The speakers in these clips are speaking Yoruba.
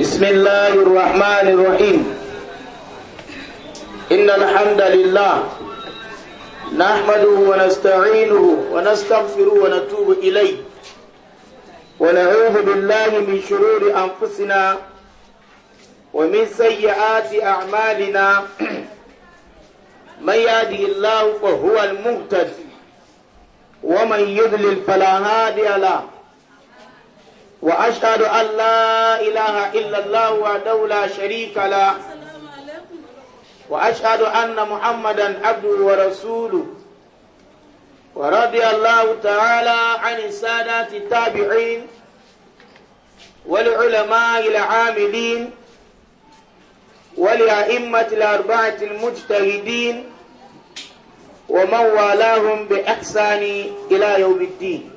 بسم الله الرحمن الرحيم إن الحمد لله نحمده ونستعينه ونستغفره ونتوب إليه ونعوذ بالله من شرور أنفسنا ومن سيئات أعمالنا من يهده الله فهو المهتد ومن يضلل فلا هادي له وأشهد أن لا إله إلا الله وحده لا شريك له وأشهد أن محمدا عبده ورسوله ورضي الله تعالى عن السادات التابعين والعلماء العاملين والأئمة الأربعة المجتهدين ومن والاهم بإحسان إلى يوم الدين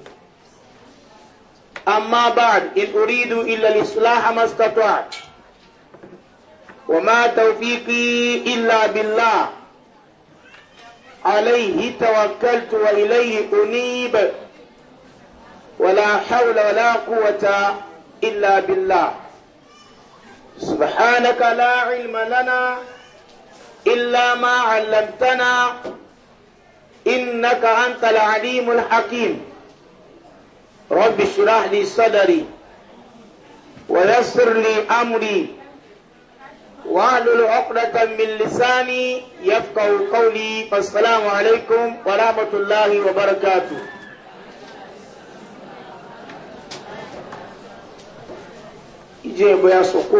أما بعد إن أريد إلا الإصلاح ما استطعت وما توفيقي إلا بالله عليه توكلت وإليه أنيب ولا حول ولا قوة إلا بالله سبحانك لا علم لنا إلا ما علمتنا إنك أنت العليم الحكيم رب اشرح لي صدري ويسر لي أمري واحلل عقدة من لساني يفقه قولي فالسلام عليكم ورحمة الله وبركاته ije boya soko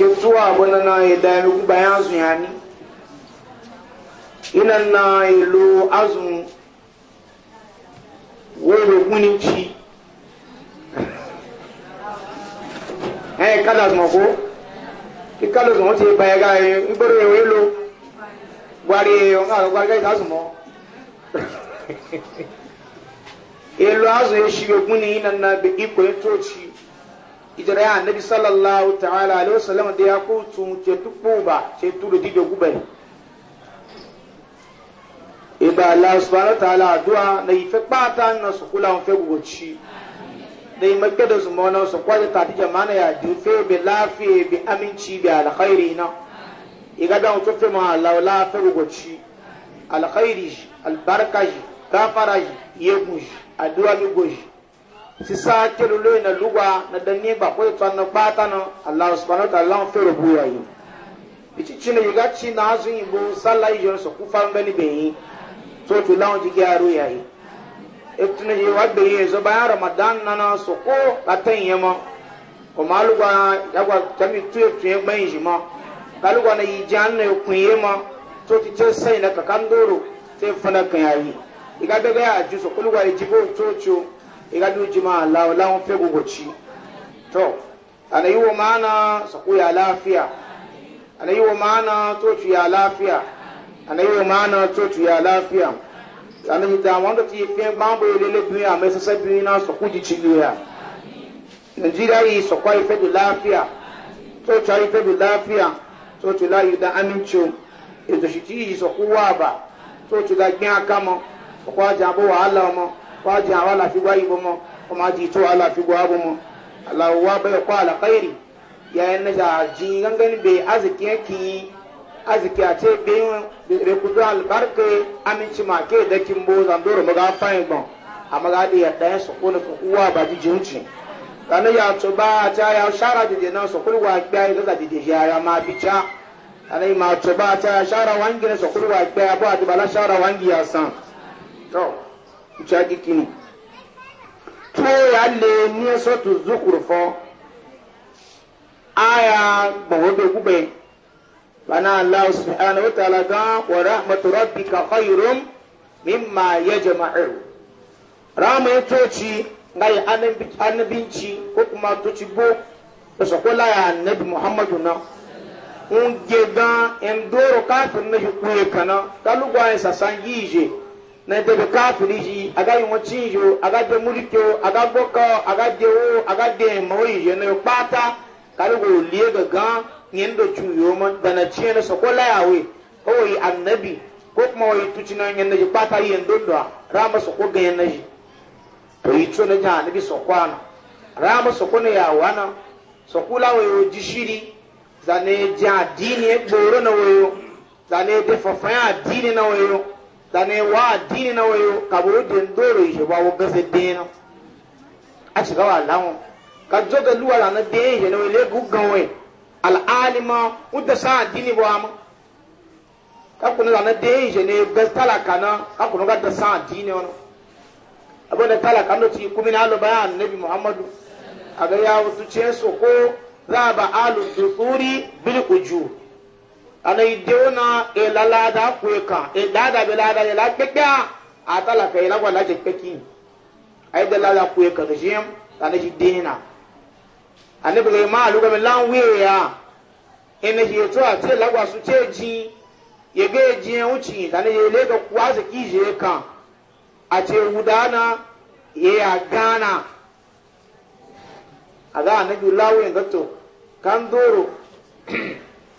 ke tuwa bana na ida mi ku bayan su yani ina na ilu azun wéèrè gún ní tsi ẹ̀yìn kádà zùmọ̀kó ba kálọ̀ zùmọ̀ ti bàyẹ̀ ká ẹ̀ ńgbọ́dọ̀ ẹ̀ wọ́n èlò gbari ọ̀gá àlọ́ gbari azụ ìta zùmọ̀ nana ikọ̀ ètò òtsi sallallahu ta'ala alayhi de ya kó tun ba ìbá Allah subhanahu wa ta'ala àdúrà na ìfẹ́ pàtà na sọ̀kúlà ń fẹ́ gbogbo tsi na ìmọ̀ gbẹ́dọ̀ sọ̀mọ́ na ta tàbí jamana yà dùn fẹ́ bẹ láàfẹ́ bẹ amínci bẹ alakhairi na ìgbàdàn tó fẹ́ mọ́ aláwọ̀ láàfẹ́ gbogbo tsi ji albarka ji gafara yi yegun yi àdúrà gbogbo yi sisa kelo lóyún na lugba na dání gbà kó ètò àná pàtà na Allah subhanahu wa ta'ala ń fẹ́ rẹ̀ bú yà yìí ìtìtì na yìí ká tsi na azun yìí bó sálà yìí so tu lawan ji gyaru yayi ituna ji wadda yi zo bayan ramadan na na so ko atan yi ma o ma lugwa ya gwa tami tuye tuye gbayin shi ma ka na yi jan na kun ma so ti sai na kakan doro sai fana kan yayi iga daga ji ju so kulwa ya jibo coco iga du ma lawo lawan to ana yi yi anayi ma na coci ya lafiya sanin da wanda ti fi gbambo ile le duniya mai sassa biyu na su kuji cibiya nigeria yi su kwa ife da lafiya coci ya ife da lafiya coci la yi da aminci ito shi ti yi su kuwa ba coci la gbin aka mo su kwa jabo wahala mo kwa jabo alafiwa ibo mo kuma ji to alafiwa abu mo alawa bai kwa alakairi yayin na jaji gangan bai arziki yake aziki a ce biyun rekudu albarka aminci ma ke da kimbo zandoro maga fayin gbọn a maga da ya ɗayan su kuna uwa ba ji jinci ranar ya to ba a ta ya shara dide nan su kulwa gbiya ya zaza dide yara ma bica ranar ma to ba a ta ya shara wangi na su kulwa gbiya ba a dubala shara wangi ya san to kuca gikini to ya le ni so to zukuru fo aya gbawo be bana allah na wa ta'ala gan wa rahmatu rabbika khairum mimma yajma'u rama ya toci ngai annabinci ko kuma toci bo da sakola ya muhammadu na un na kana kalu sasan yije na de kafin aga yi won yi aga de mulkyo aga boko aga de wo aga de na pata yendo cuyo man dana ciyana sokola yawe ko wai annabi ko kuma wai tucina yanda ji bata yendo da rama soko ga yanda ji to yi tsona ja annabi na, rama soko ne yawana sokula wayo jishiri zane ja dini boro na wayo zane de fafaya dini na wayo zane wa dini na wayo kaburu den doro yi ba wo gafe dena a shiga wa lawon ka joga luwa na de yi ne wai le gugan wai al'alima wadda sa addini ba mu kakunu da na den je ne ga talaka na kakunu ga da sa addini wani abin da talaka na ci kuma na alu bayan annabi muhammadu a ga ya wasu ce su ko za ba alu dusuri bil uju ana idewo na ilala e e e da kuwa kan ilada lada ila kpekpea a talaka ila gwala ke kpeki a yi da lada kuwa kan shi yana da shi dina anabila ma aluga mi lan wiye ya ene ye to ati lagwa su che ji ye ge ji en uchi tani ye le ga kwa ze ki je ka ati udana ye agana aga anabi lawe ngato kan doro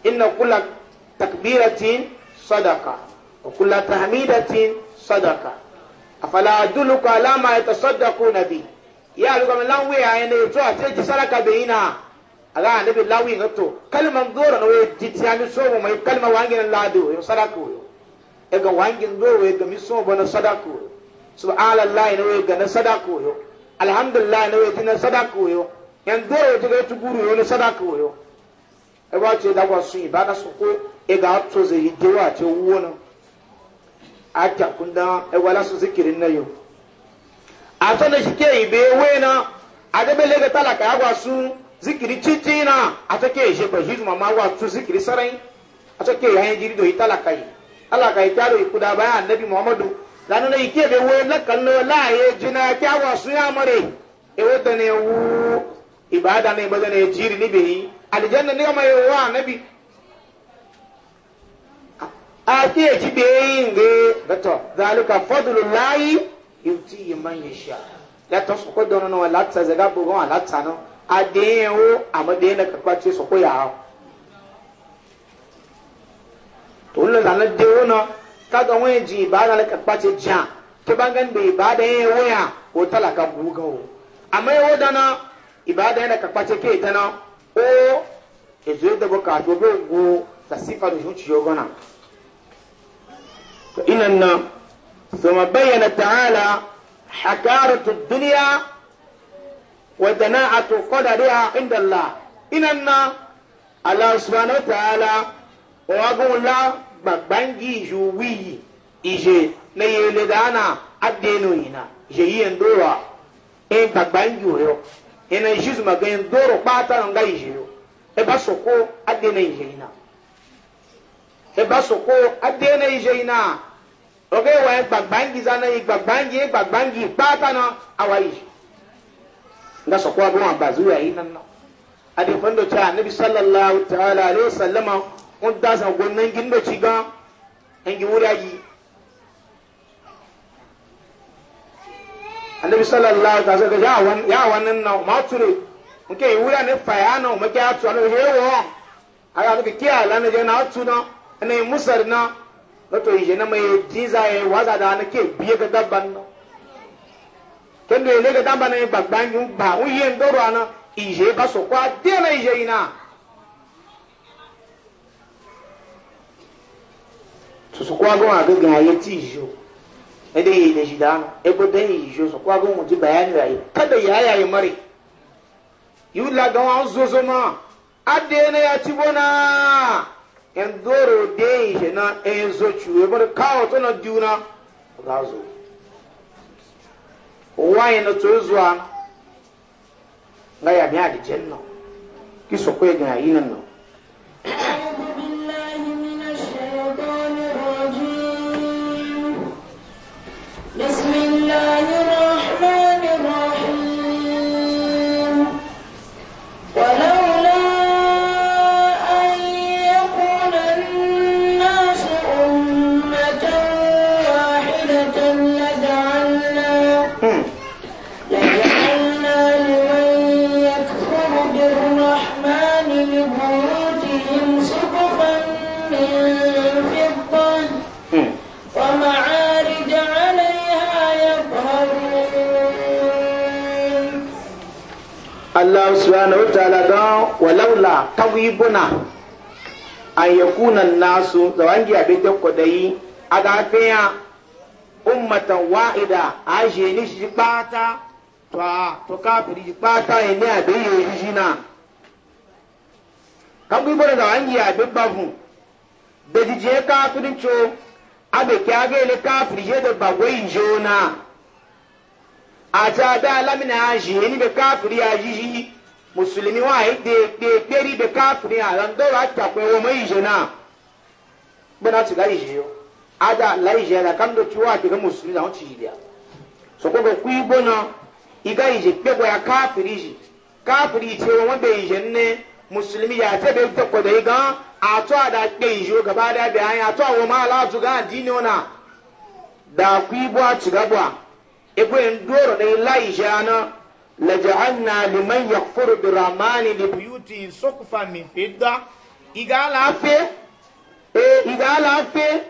ina kula takbira takbiratin sadaka wa kula tahmidatin sadaka afala adulluka ala ma na bihi ya alu kama lan waya ya ne a ce ki saraka be ina aga annabi lawi ngato kalman goro no ti ti ami so mai kalma wangin lado yo sadaku yo e ga wangin ga mi so na sadaku ga na sadaku yo alhamdulillah no ti na sadaku yo yan do yo ti ga tuguru na sadaku yo ba ce da kwa sun ibada su ko e ga to ze hidewa ce wuwo na a wala su zikirin na yau aso na shike ibe we na adebe lega talaka agwa su zikiri chichi na aso ke je ko ma mama agwa su zikiri sarai aso ke ya jiri do italaka yi alaka itaro ikuda ba annabi muhammadu lanu na ike be we la kallo la ye jina ke agwa su ya mare e wota wu ibada ne ibada ne jiri ni be yi aljanna ne ma yo wa annabi a ke ji be yi nge gato zalika fadlullahi yuti man yasha la ta su ko don no la zaga bu gon la no ade o na ka kwace su ko ya to lo da de o no ka ga wani ji ba da ka kwace ja ke bangan bai ba da yin waya ko talaka buga o amma yau da na ibada yana ka kwace ke ta na o ezo da boka to go ta sifa da zuciyo gona to inan na ثم بين تعالى حكارة الدنيا ودناعة قدرها عند الله إننا الله سبحانه وتعالى وأقول لا بانجي جوي إجي نيلدانا أدينو هنا جيين دورا إن بانجي ويو ina jizu magayin doro ɓata nga ijeyo e ba soko adena ijeyina e ba soko adena ijeyina oge wa gbagbangi zana yi gbagbangi gbagbangi kpata na awayi nga sɔkɔ a bɛ wɔn abazu ya yi nana adi fɛn dɔ cɛ anabi sallallahu ta'ala alayhi salama ŋun da zan ko nangi ndo ci gan nangi wuri ayi anabi sallallahu ta'ala sɛ ya awa ya awa nan na ma ture nke yi wuri ani fa ya na o ma kɛ a tu ana o ye wɔn a ka kɛ a la ne jɛ na a tu na ɛna ye na. gato yi na mai tiza ya waza da na ke biye ga dabban na tun da ile ga dabban na gbagban yi ba un yi ndoro ana ije ba so kwa dena ije ina susu kwa gon a gagan aye ti ijo ede yi da shi da ana ego dan yi ijo so kwa gon mu ji bayani rayu kada ya yayi mare yi wula ga wani zozo ma adena ya ci bona in zoro dai na in zo ciwo bar kawo tana juna za zo waye na to zuwa ga ya mi adijen nan ki so kwe ga yi nan بسم الله الرحمن subhanahu wa ta'ala ga walaula tawibuna an yakuna nasu zawangi abe ta kodayi aga fiya ummatan wa'ida a shi ni shi pata to to kafiri shi pata e ni abe ye shi na kabu ibona zawangi abe babu da jije kafirin cho abe aga ile kafiri je da bagwai jona a ta da lamina a je ni be kafiri a jiji musulmi wa ha de kpe kperi be kafiri a lan dɔw la ta kpe wo ma yi zɛ na gbɛna ti la yi zɛ ada la la do ti wa ka musulmi la o ti yi dia soko ko kui gbɔna i ka yi zɛ kpe ko kafiri zi kafiri ti wo ma be yi musulmi ya te be gan a to gaba be ala na n laja'alna liman yakfuru birrahmani li buyuti suqfan min fidda igala fe e igala fe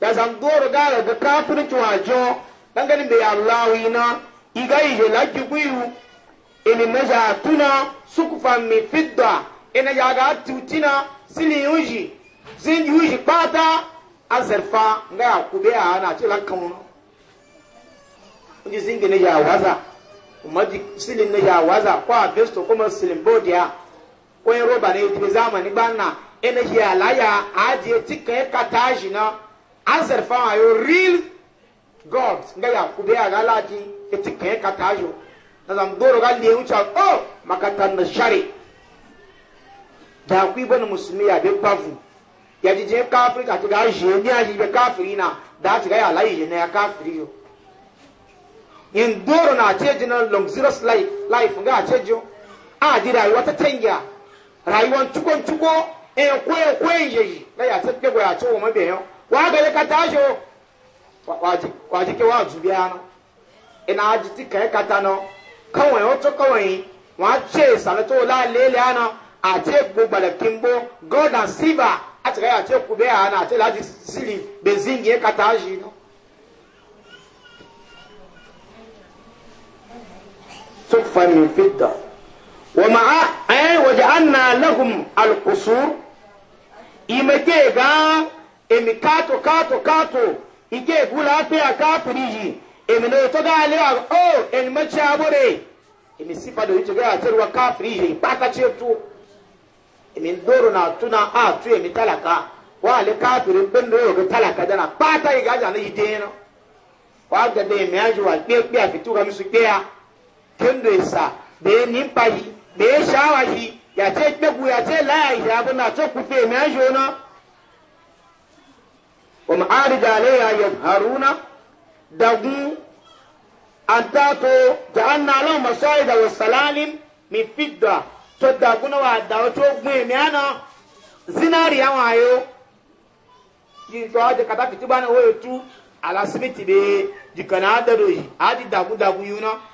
da zangoro ga ga kafirci wajo dangane da Allah ina igai je laji guyu ini maza tuna suqfan min fidda ina ya ga tutina yuji zin yuji pata azarfa ga kube ana cilan kan wani zingine ya waza umaji silin na ya waza kwa besto kuma silin bodiya ko yin roba ne tibi zamani banna ene ya laya aje tika e kataji na answer fa yo real god nga ya kube aga laji e tika e katajo na zam doro ga le uncha oh makatan na shari da ku ibn musulmi ya be bavu ya jije kafiri ka to ga je ni aji be kafiri na da ti ga ya laye je na ya kafiri yo in doro na aceji na luxurious life life ga aceji a di rayuwa ta tanya rayuwan tukon tuko en kwe kwe yeyi na ya tsakke ya ce ụmụ mabe yo wa ga ke wa zubi ano ina aji ti kata no kawai o kawai wa ce la lele ano a ce gbogbo kimbo gold a ce ya ce kube ana a ce benzin kata صفا من فضة ومع وجعلنا لهم القصور إمتيغا إمي كاتو كاتو كاتو إيجي بولا فيها كاتو ريجي إمي نوتوغا عليها أو إن مجابوري إمي سيبا دو إيجيغا تروا كافو ريجي باكا تشيرتو إمي ندورو ناتونا آتو إمي تلكا wale kafiri bendo yo tala kadana pata igaja na ideno kwa gade meaji wa kpe kpe afituka misu kpe ya kendo sa da ya nimfa yi da ya shawa yi ya ce gbegu ya ce laya yi ya buna ce kufe mai ajo na wa ma'ari da alaiya ya haruna dagun an tato da an na lau masai da wasalalim mi fidda to daguna wa da wato gbe mai ana zinari ya wayo yi to aje kata fiti bana oyo tu ala simiti be jikana adaro yi adi dagu dagu yuna.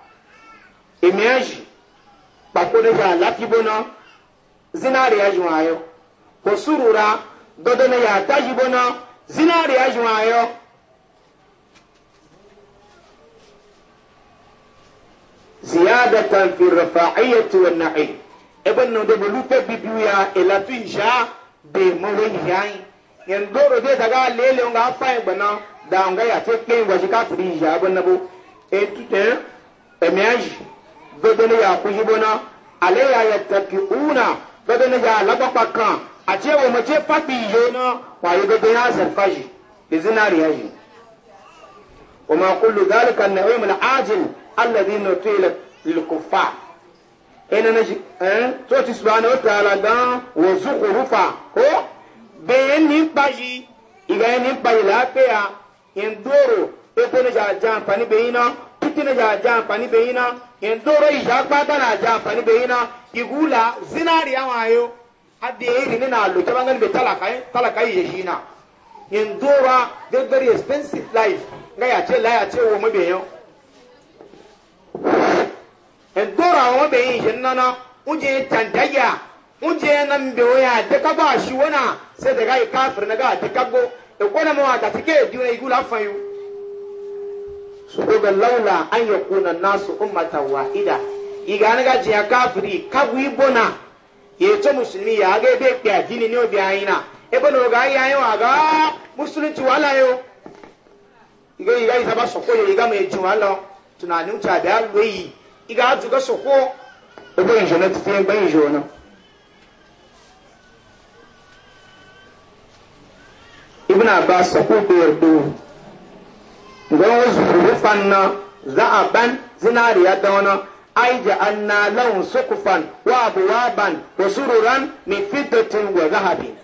èmi ẹ̀ jì kpakodoga alapibona zinariya juwayo ko surura ya tajibona zinariya juwayo ziyadatan fi rafa'iyati wan na'im ebe no de lupe bibiya elatu isha be mowe yayi en doro de daga lele nga fa igbana da nga ya te pe ngwa jika tri bo gbogbo ne yaa kuyibona ale yaa yɛ tɛpi uuna gbogbo ne yaa lagbakpa kan a tiɛ wo ma tiɛ papi ye na waa ye gbogbo yaa zɛrfa yi bizinari ya yi o ma kulu gaali ka na o yɛmɛ na aajil ala bi na tuyi la likufa e nana ji ɛn tɔɔti subahana o taara gan wo zukuru ko bɛn ni kpa yi ìgbà yẹn ní gbayì láàfẹ́ à ń dúró epo ní jà já àǹfààní bẹ́yìn náà títí ní jà já àǹfààní bẹ́yìn náà. indoro isha kpata na aja amfani bai na igula zinariya wayo hadda ya yi na alo ta bangal bai talaka yi ya shi na doro very very expensive life nga ya ce la ya ce wo mabe doro indora wo mabe yi shi nana uje tantaya uje na mbe wo ya de ka ba shi wana sai daga yi kafir na ga de ka go e kona mu ta tike diuna igula fanyu su ko ga laula an ya kuna nasu ummata wahida iga an ga jiya kafiri kagu ibona ya to musulmi ya ga ebe kpe adini ni obi anyi na ebe na oga ayi anyi wa ga musulunci wala yo iga iga isa ba soko yo iga mai jin wala tunanin ta da loyi iga aju ga soko ebe injo na titi egbe injo na ibn abbas soko be yardo gawo zurufan na za'aban zinariya da wani ai ja'anna lahum sukufan wa abwaban wa sururan min fiddatin wa zahabin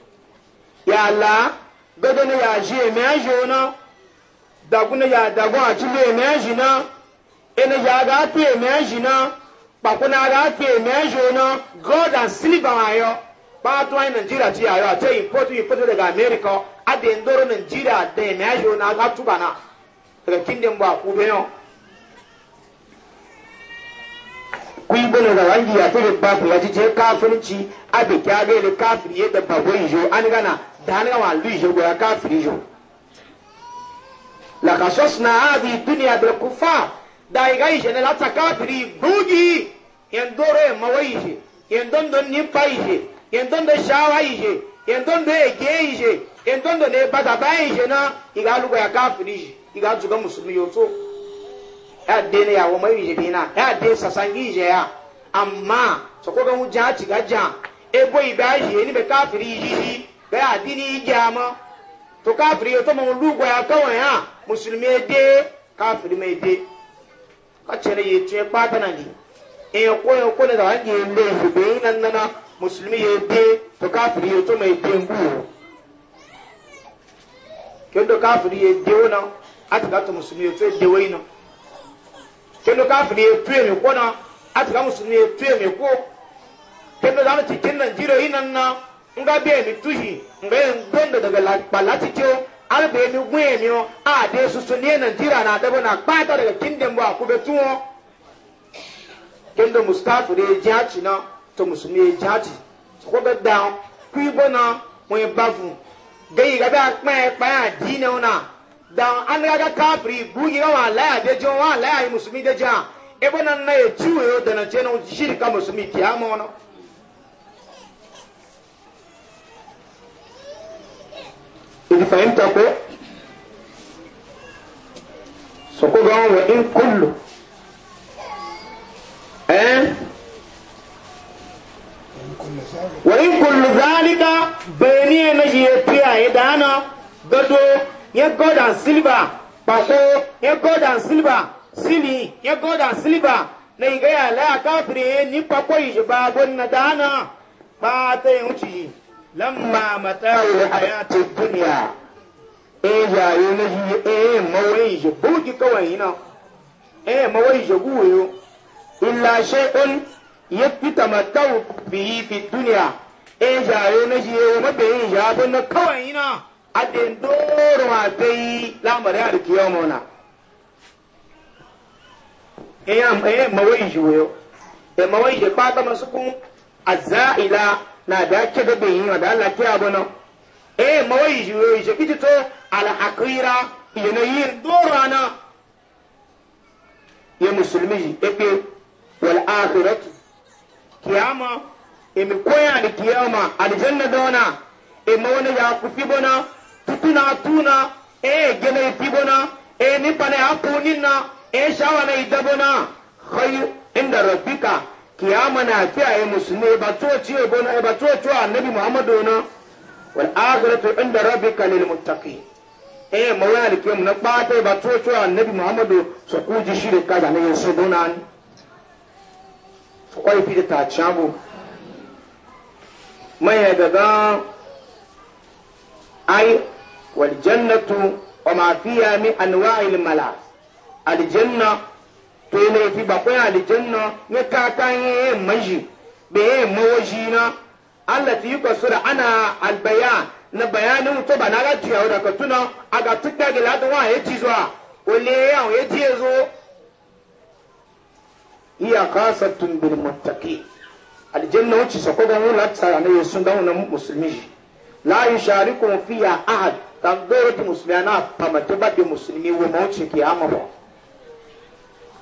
ya la gado ne ya ji eme aji na daguna ya dagun a cilu eme aji na ene ya ga atu eme aji na kpakuna ga atu eme aji na gold and silver ayo kpaatu anyi nigeria ti ayo ate importu importu daga america adi ndoro nigeria de eme aji na ga tuba na daga mbo akubeyo kuibona da wangi ya tere babu ya jije kafirci abe kyage le kafiri ya da babu ijo an gana da an ya kafiri ijo la kasosna hadi dunya bil kufa da iga ijo ne lata kafiri bugi yendore mawaije yendondo nipa shawa ne bada na iga ya kafiri iga zuga musulmi yoto ya de ne yawo mai yije bina ya de sasan yije ya amma so ko gan wuja ti ga ja ebo iba yije ni be kafiri yiji be adini jama to kafiri yoto mo lugo ya kawo ya musulmi e de kafiri me de ka chere ye tue pata na ni e ko e ko le da ni le fu be nan na musulmi ye de to kafiri yoto me de ngu kendo kafiri ye de wona atiga to musulmi etu ede wei no kendo kafiri etu emi kwo na atiga musulmi etu emi kwo kendo zanu cikin nigeria yi nan na nga bi emi tuhi nga yi ndondo daga kpala cikin alba mi gun emi o a de susu ne nigeria na adabo na kpata daga kingdom bo akube tuwo kendo mustafa de eji aci na to musulmi eji aci ko bɛ dan kuyi bɔ na wɔn ba fun geyi ka bɛ a kpɛn kpɛn a di ne na. dan an ga kafiri bugi ga wala ya de jin wala ya musulmi de ja ebo nan na ya ciwo yo da na je na shirka musulmi kiyama wono idi fahimta ko so ko gan wa in kullu eh wa in kullu zalika bayni na je fiya idana gado yẹn gold and silver kpakpo nye gold and silver sili nye gold and silver na yi gaya la kafiri ye ni kpakpo yi shi ba bon na dana ba ta yi wuce lamma mata wa e ya na yi e mawai shi buki kawai na e fi e na e yi kawai na adin doron a ta yi lamarin alkiyar mona eyan eh, eh, eh, mawai juyo e mawai je pata masu kun azaila na da ke da bin yi da Allah ke abu nan e mawai juyo je yin doro yanayin dorana ya musulmi ebe wal akhiratu kiyama e mi koya da kiyama aljanna dona e mawani ya kufi bona tutuna tuna e gele tibona e ni pane apunina e shawana idabona khayu inda rabbika kiyama na kiyaye musu ne ba to ci bona e, ba to to annabi muhammadu na wal akhiratu inda rabbika lil e kiyam na bata ba to to annabi muhammadu so ku ji shi da ne waljannatu wa ma fiha min anwa'il malas aljanna to ne fi ba ko aljanna ne ka kan ye maji be ye mawaji na allati yukasura ana albayan na bayanin to ba na ga tiya da ka tuna aga tukka ga ladu wa ye tizwa ole ya ye tizo iya kasatun bil muttaqi aljanna wuce sako ga mu latsa ne yesun da wannan musulmi la yusharikum fiha ahad kan doro ti musulmi ana pamata ba bi musulmi wo ma k'i ama ba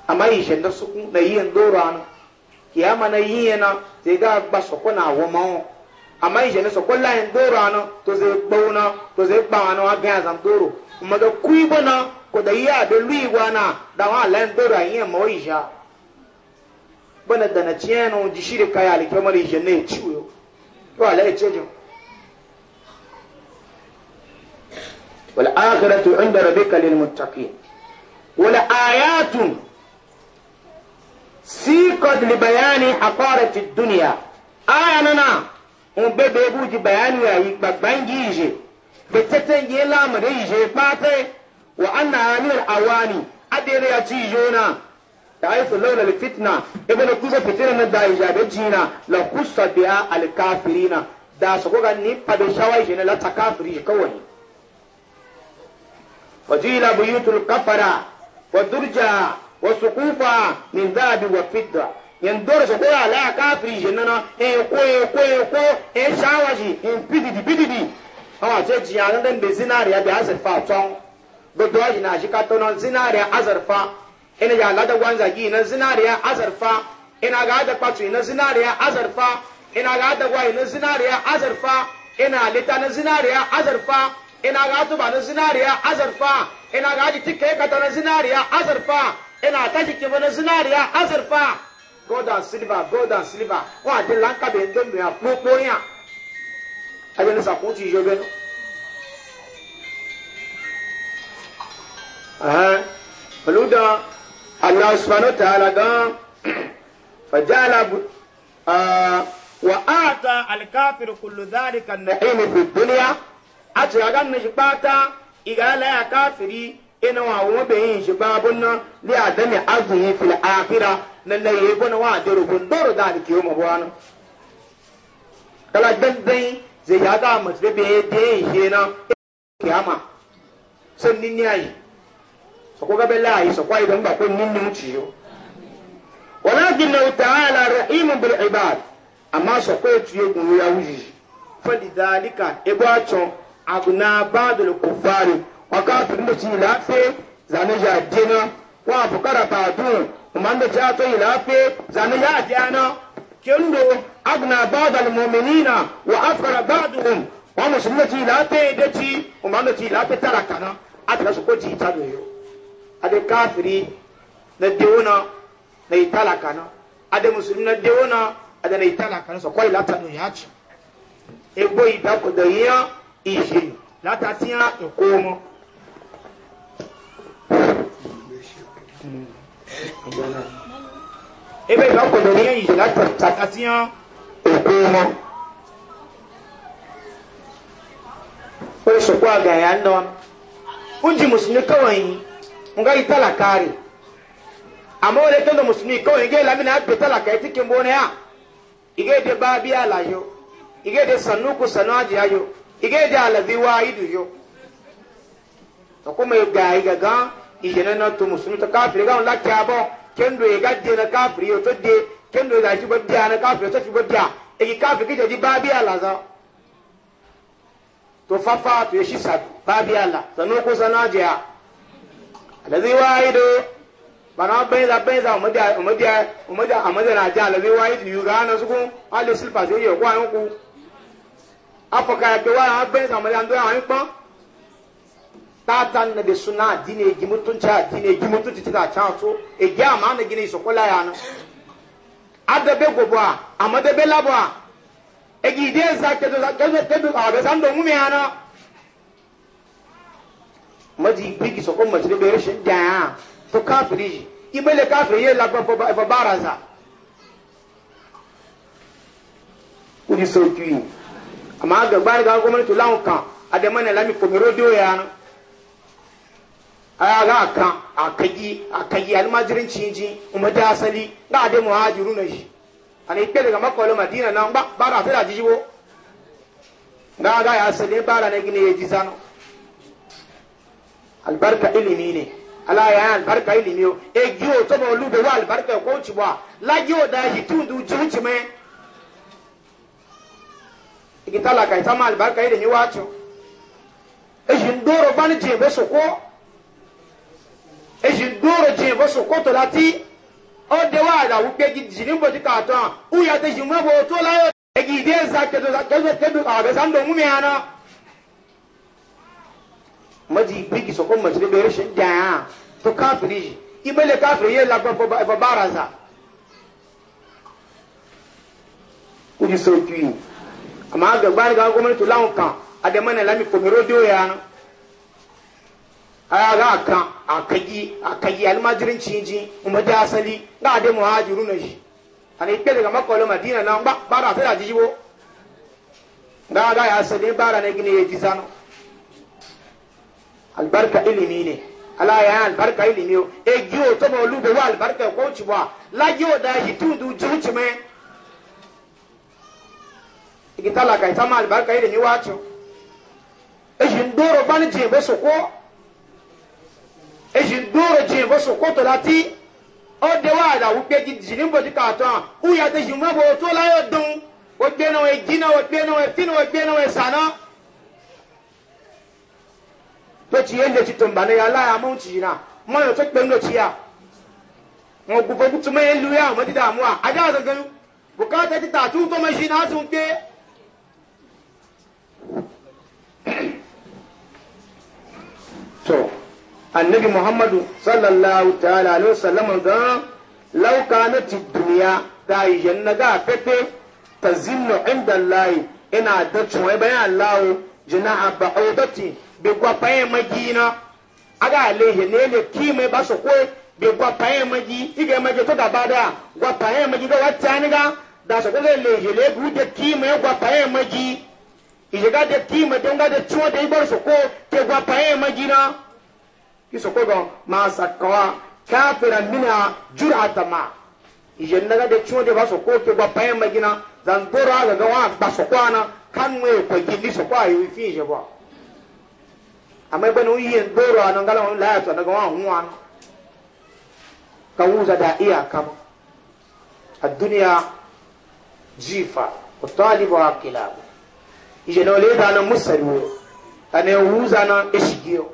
amma yi shi na suku na yi yin doro Ki ama na yi yana zai ga ba soko na wo ma A amma yi shi na soko la yin doro ana to zai gbawo na to zai gbawa na wa gaya zan doro kuma ga kuyi ba na ko da yi a da luyi gwa na da wa la yin doro a yi ma wa yi sha bana da na ciyanu ji shirka ya alikamar yi na ne ciwo to ala ya e ce jin wal akhiratu inda rabbika lil muttaqin wal ayatun siqat li bayani haqarati dunya aya nana un bebe buji bayani ya yi gbagban yije betete ye lamare yije pate wa anna min al awani adere ya ci jona تعرف لولا الفتنة ابن كوزا فتنة دا إجابة جينا لقصة بها الكافرين دا سقوغا نيبا بشاوي جينا لا تكافري كوني وجيل بيوت القفرة والدرجة والسقوفة من ذهب وفضة yandor su koya la kafiri je nana e ko e ko e ko e shawaji in pididi pididi awa ce ji an dan be zinariya be azarfa ton godo aji na shi kato non zinariya azarfa ina ya lada wanza gi na zinariya azarfa ina ga da kwatu na zinariya azarfa ina ga da zinariya azarfa ina lita na zinariya azarfa ina ga tuba na zinariya azarfa ina ga ji tikka kata na zinariya azarfa ina ta ji jiki na zinariya azarfa goda silver goda silver ko a de lanka be ndo me a popo ya abe ni sa ko ti yo no eh aluda allah subhanahu wa ta'ala ga fajala wa ata al-kafir kullu dhalika an-na'im fi dunya a ci ga na shi bata ya kafiri ina wa wo be yin shi babun nan li adami azmi fil akhirah na ne yi bona wa dero gun doro da ki yo na. kala dandai zai ya ga mu be de yi na e kiyama sun ninni ayi so ko ga be so ba ko ninni mu ci yo walakin ta'ala rahimun bil ibad amma so ko gun ya wuji fa lidhalika e aguna badul kufari wa kafir da ci lafe zane ya dina wa fukara badu man da ta yi lafe zane ya kendo aguna badul mu'minina wa afkara baduhum wa musulmi ci lafe da ci man da ci lafe tara kana a ta su ko ci ta doyo ade kafiri na deuna na itala kana ade musulmi na deuna ade na itala kana so ko no ya ci ebo idakodo yiyan ìṣe látàtíyàn ẹ̀kọ́ wọn. ebe ìgbà kọ̀dọ̀ ní ìṣe látàtíyàn ẹ̀kọ́ wọn. ó lè sọ̀kọ́ àgbà ẹ̀yà ń dán. ó ń jí mùsùlùmí kọ́wọ̀ yìí ń gáyìí tálàkà rẹ̀ àmọ́ ó lè tọ́jú mùsùlùmí kọ́wọ̀ yìí gẹ́gẹ́ lámìnà àgbẹ̀ tálàkà ẹ̀ tí kì í bọ́ ní à. ìgéde bá bí àlàyé ìgéde sànúkù sànú àjẹ́ ayọ̀. ike da alabi wa idu yo to kuma ga ga ga ijena na to musulmi to kafiri ga la ta bo kendo e gadde na kafiri yo to de kendo da ji bodda na kafiri to fi bodda e ki kafiri ke ji babi ala za to fafa to shi sa babi ala sanu ko sana je a alabi wa idu bana bai da bai da mu da mu da mu da amada na ja alabi wa idu yu ga na su ko alu silpa je yo ko an ku afɔkaya ke waya agbɛ zamani ando anyi kpɔn taata na be so na adi na edi titi na akyɛn so edi ama na gyina isɔkola ya no adabe gobo a amadabe labo a egi di eza kedo kedo kedo abesa ndo mu mia no madi bigi sɔkɔ mɔtiri bɛ ɛrɛhyɛ dan a to kafiri yi ibele kafiri labɔ ɛfɔ baara za. Kuli sauki. ama ga gbani gomani gwamnati lawon kan adama na lami komero do ya no aya ga kan akaji akaji almajirin cinji umar da asali ga da muhajiru na shi ani kele ga ma madina na ba bara fira wo ga ga ya asali bara na gine yaji zano albarka ilimi ne ala ya albarka ilimi o e giyo to olu lube wa albarka ko ci ba la giyo da tun tundu ci ci mai igi talaka ita ma albarka yi da yi wato ejin doro bani jin be soko ejin doro jin be soko to lati o de wa da wu pe gidi ni bo ti ka tan u ya te jin mo bo to la yo egi de za ke to ke do ke do a be san do mu ana maji bigi soko ma ti be reshin da to kafiri ibele kafiri ye la ba baraza Udi so amma ga gbani ga gwamnati lawon kan adama na lami komero do ya aya ga kan akaji akaji almajirin cinji kuma da asali ga da muhajiru na shi ana ikpe daga makolo madina na ba bara sai jijibo ga ga ya asali bara na gine ya ji albarka ilimi ne ala ya albarka ilimi o e giyo to ba wa albarka ko ci ba la da yi tundu juci me. igi talaka ita ma albarka yi da ni wato ejin doro bani jin bo soko ejin doro jin bo soko to lati o de wa da wu pe jiji ni bo di ka tan u ya de jin mo bo to la yo dun o gbe na we jina o gbe na we finu o gbe na we sana to ti yende ti to mbane ya la amu ti na mo yo to pe ndo ti ya mo gbo gbo me lu ya mo ti da mu a aja so gan bukata ti ta tu to me jina tun pe to annabi muhammadu sallallahu ta'ala alaihi wasallam ga lauka na duniya da yin na ga fete ta zinno inda layi ina da cewa bayan lawo jina a ba'udati bi gwafaye magina aga alaihi ne ne kime ba su kwe bi gwafaye magi iga magi to gaba da gwafaye magi ga wata ni ga da su kwa ga lehi le bu da kime gwafaye magi ìṣèká de tí mẹtẹ ń gáde tí kan de ibọ sọkó tẹgbà pààyàn má jiná kí sọkó gan máa sàkọwà káfíra mina júra àtàmà ìṣe ń gáde tí wọn de bá sọkó tẹgbà pààyàn má jiná zandoro àgàgà wọn àgbà sọkó àná kánú èkó gidi sọkó àyèwì fi ìṣe bọ. àmọ́ ẹgbẹ́ ni wọ́n yíyẹ ndóró àná ńgálà da iya kama a duniya ìṣẹ̀lẹ̀ olè dáná mùsàlù o na ewu zana eshigi o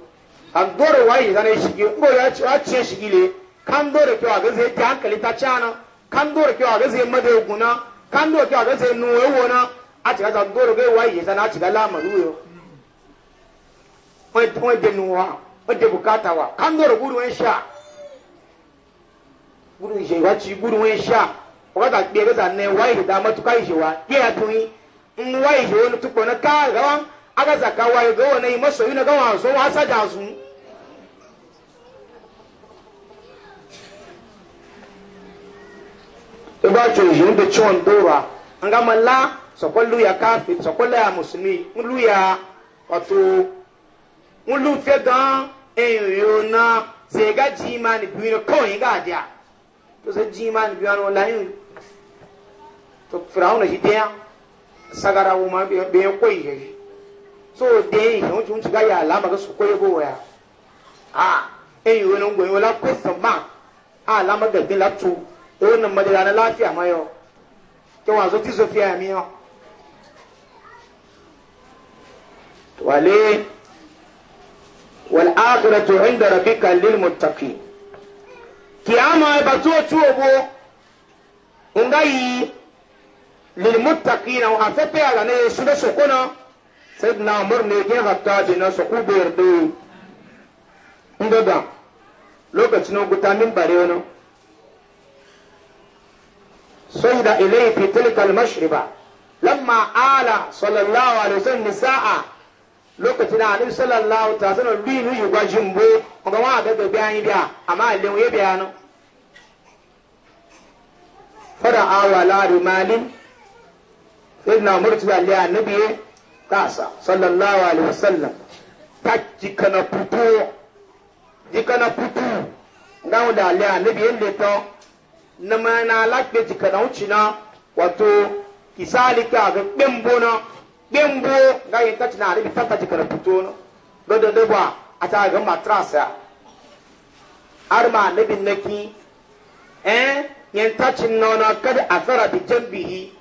andoro zana eshigi ngo ya ci a ci eshigi le kan dore kyau a ga ta hankali ta cana kan dore kyau a ze zai mada guna kan dore kyau a ze zai nuwa wona a ci zan dore ga zana a ci ga lamaru yo bukata wa kan dore gudu wọn sha gudu ìṣèwà ci gudu wọn sha zan matuka ìṣèwà in wai da wani tukpo na ka gawan aga zaka wai ga wani masoyi e na gawan zo wasa da su ba to yin da ciwon dora an ga malla sakwallu ya kafi sakwallu ya musulmi mulu ya wato mulu fe gan eyo na sai ga jima ni biyu kawai ga dia to sai jima ni biyu na wala yin to firawuna shi dia sagara wuma bɛn koyi yɛlɛ so den yi o tun ti ka yà lama ka so koyi b'o ya a e yi wani ŋgɔnyi o la question mark a lama gɛgɛ la tu o na mali la ne lafiya ma yɔ kɛ wa so ti so fiya mi yɔ wale wal akhiratu inda rabbika lil muttaqin kiyama e ba to tuwo bo nga yi للمتقين وعفتي على نيسو سكونا سيدنا عمر نيجي حتى جنا سكو بيردو ندودا لوكتنا قتا من بريونا صيد إليه في تلك المشربة لما آل صلى الله عليه وسلم نساء لوكتنا عليه صلى الله عليه وسلم لين يبقى جنبو وما بيبقى بيان بيا أما اللي ويبيانو فرعا ولا رمال sayyidina umar ti balle annabi ye kasa alaihi wasallam ta jikana putu jikana putu ngawo da ale annabi ye le to na ma alakpe jikana uchi na wato kisali ka ga kpembo na kpembo ga yin ta tina annabi ta ta jikana putu na dodo dodo a ata ga matras ya arma annabi kada asara bi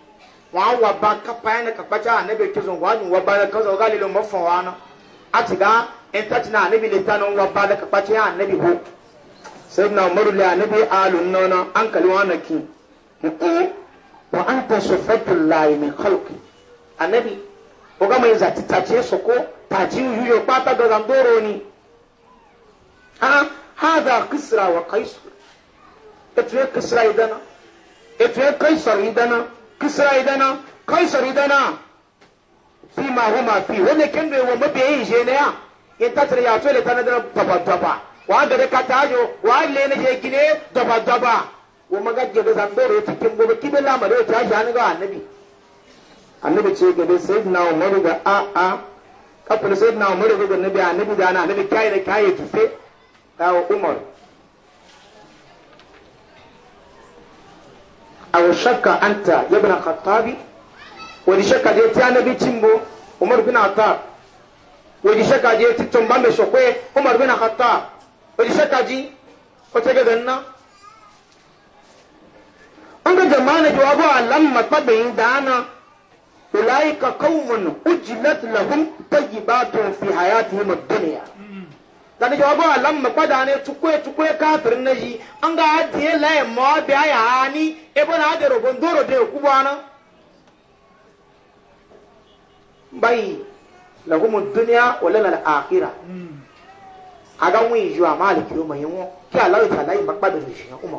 wa wa ba ka pa na ka kpacha anabi kizon wa ni wa ba ka zo galilo mafon wa na atiga en tati na anabi le tano wa ba ka kpacha anabi ho sayyidina umar le anabi alun nona an kali wa na ki wa anta shafatul lahi min khalqi anabi o ga mai zati tace soko taji yuyo pata ga zandoro ni ha hada kisra wa qaisar etu kisra e idana etu e qaisar idana kisra idana kaisar idana fi ma hu ma fi wani kendo wa yin je na ya in ta tare ya to le tanadar daba daba wa ga da kata ajo? wa le ne je gine daba daba wa maga je da zamboro cikin gobe kibila mare ta shi an ga annabi annabi ce gabe sayyidina umaru ga a a kafin sayyidina umaru ga annabi annabi da annabi kai da kai tufe dawo umaru. aw shakka anta ya ibn khattabi wani shakka je ti anabi cimbo umar bin atab wani shakka je ti tumba me sokwe umar bin khattab wani shakka ji ko te ga ganna an ga jama'a ne jawabu alamma tabayin dana ulaika qaumun ujilat lahum tayyibatun fi hayatihim ad-dunya tani ke wabu alam na kwada ne tukwe tukwe kafirin na yi an ga hadiye laye ma biya ya hani ebo na hadiye rogon doro da ya kuba nan bai lahumun duniya wala na akira a ga wun yi a maliki ma mai yawon ki alawi ta layi bakpa da shi ya kuma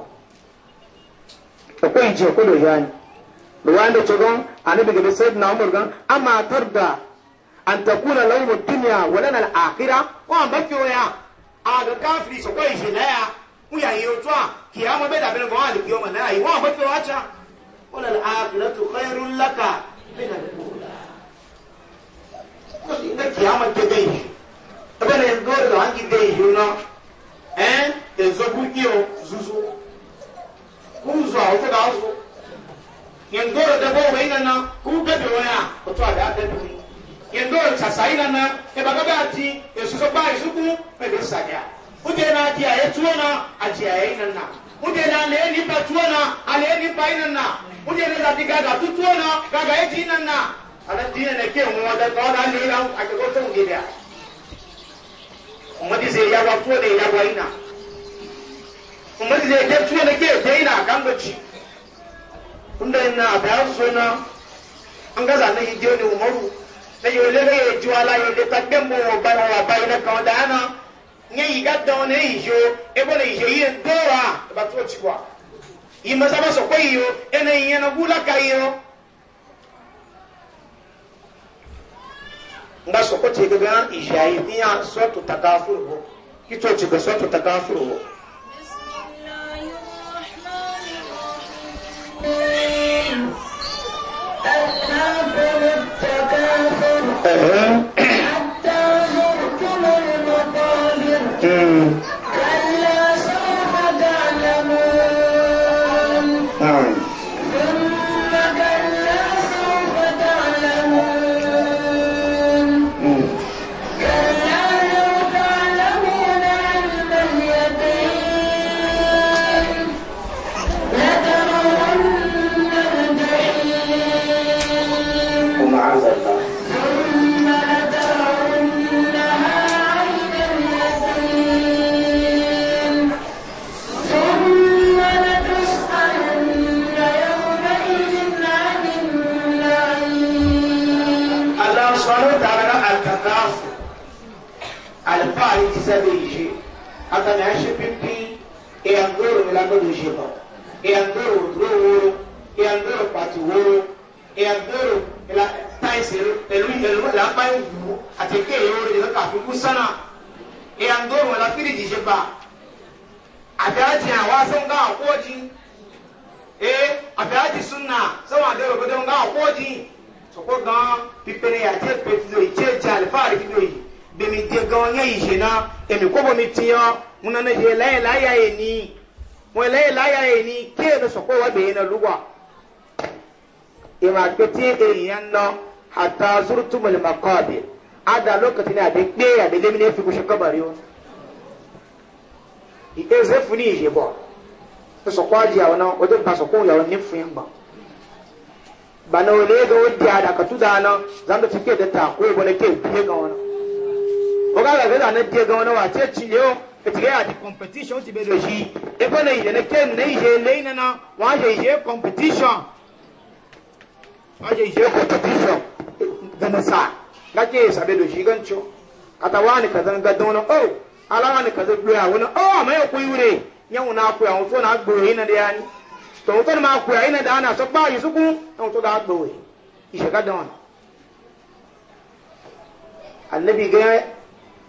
akwai je ko da yani ruwan da tsoron annabi gabe sayyidina umar gan amma tarda an takuna lahumu duniya wala na akira wọn bɛ fi ya a ga kafiri sɔkɔ ya n yà yi o a kì í bɛ dàbí nǹkan wọn àlè ọmọ náà yìí wọn bɛ fi o wa wọn lè àkìlẹ̀ tó xeyiru laka bɛ nà kó la ne kì í ama tẹ bɛ yi ẹ bɛ lè ngó lọ an kì bɛ yi yìí nọ ɛ ezogun yi o zuzu kó zu àwọn tó dà o zu ngó lọ dẹ yìí nana kó gẹ̀dẹ̀ wọ́n yà o tó a bɛ a yìí. yendo tsasaila na ebagabe ati esuso ba mɛ ebe sadia uje na ati aye tuona ati aye ina na uje na ale ni pa tuona ale ni pa ina na uje na ati gaga tu tuona gaga eti ina na ala diye ne ke mu wa da ko da ni la ake ko tun gida umma dize ya wa tuona ya wa ina umma dize ke tuona ke ke ina kan gaci kunda ina da suna an gaza na hidiyo ne umaru na yolere eju ala yoleta gbembo wo ba na wa ba yi na kan da ana nye yi ga dɔn ne yi yo ebo ne yi yo yi n dɔra eba tó tsi wa e yi masa ma sɔ kpe yi yo ene yi yɛn wu ka yi yo nga sɔ kɔ tsi gbɛgbɛ izi ayi fi hã sɔ to furu wo yi tó tsi gbɛ sɔ to furu wo. ألهاكم التكاثر and whom? hmm. sabe ji aka na shi pipi e angoro mi la godo je ba e angoro dro woro e angoro pati woro e angoro la taisi elu elu la pa yu ate ke yoro de ka fi kusana e angoro la firi je ba adaji awa so nga akoji e adaji sunna so wa de godo nga akoji so ko gan pipere ya je pe ti do je je alfa ri do yi bemi de gan ye emi ko mi ti muna na la la ya ye ni mo la la ya ye ni ke no so ko wa be na luwa e ma pe e yan no hatta zurtum al maqabir ada lokati na de pe ya de mi ne fi ko se kabari o i e ze funi bo so awon o de so ko ya ni fun ba le ga o ada ka tu da na zan do ke de ta ko bo ke ga oga la gaza na tie gawo na wa tie chi yo etige ya di competition ti be do ji e ko na ye na ke na ye le na na wa ye ye competition wa ye ye competition da na sa ga ke sa be do ji gan cho ata wa ni kaza ga do na o ala wa ni kaza do ya wona o ma ye ku yure nyawu na ku ya won to na gbo yin na de ya ni to to ma ku ya yin na da na so pa yi suku on to ga gbo yi ise ga do na annabi ga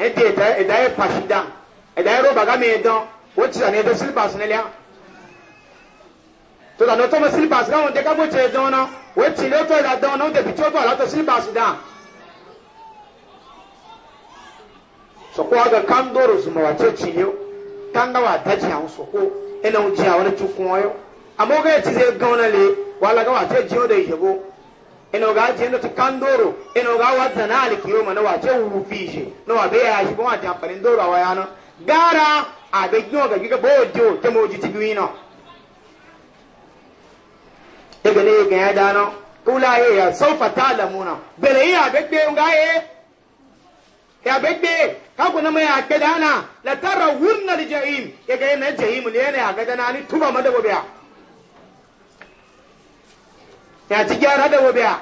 ɛdi ɛda ɛda yɛ e pasi dam ɛda yɛ e rɔba gami yɛ e dɔn o ti sani ɛdɛ silibas ne lia to sani ɔtɔ mo silibas gawo de kabo tiɛ dɔn na o ti ne tɔ ɛda dɔn na o de bi tɔ tɔ ala tɔ silibas dam sɔkò aga kan doro zuma wa tɛ tsi yio kan na wa da jia o sɔkò ɛna o jia o ne tu kɔn yio amewo ke ti se gawo na le wala ka wa tɛ jia o de yebo. ino ga je na tukandoro ino ga wadda na alkiyo mana wace wufi shi no abe ya shi kuma ta amfani doro wa yana gara abe gino ga giga bojo te moji tibi no ebe ne ga ya dano kula ye ya saufa lamuna. bele ya abe gbe nga ye ya abe gbe ka kuna mai akada na la tarawunna al jahim ya ga na jahim ne ne aga na ni tuba madabobiya ya ci gyara da wabiya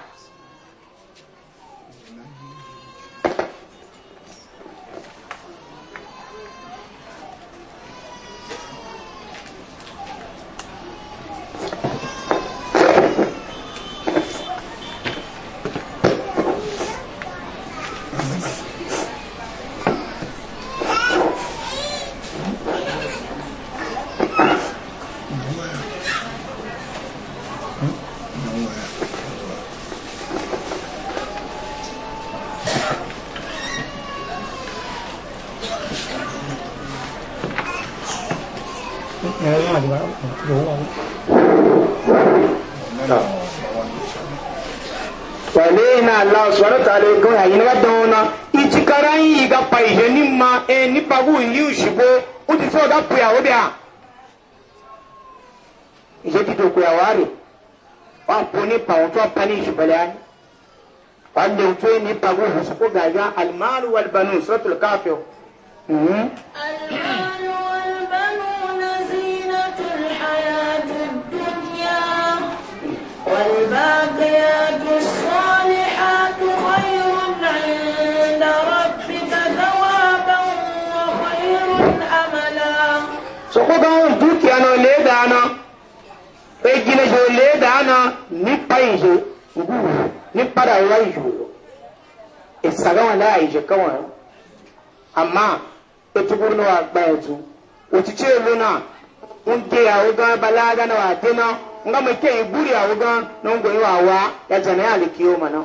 wale na allah subhanahu wa ta'ala ko ya ga dona itikaran yi ga paije ni ma e ni babu yi ushibo o ti so ga puya o ije ti to kuya wari wa ko pa o to pa ni shibale ani wa o to ni babu husu ko ga ga al mal wal banun suratul kafir mhm egile jo ana dana nipa ijo ugu nipa da wa ijo isaga e wala ijo kawa amma etugur no agba etu otiche elu na unge ya uga balaga na watena nga meke iburi e ya uga na ungo iwa wa ya jana ya likiyo mana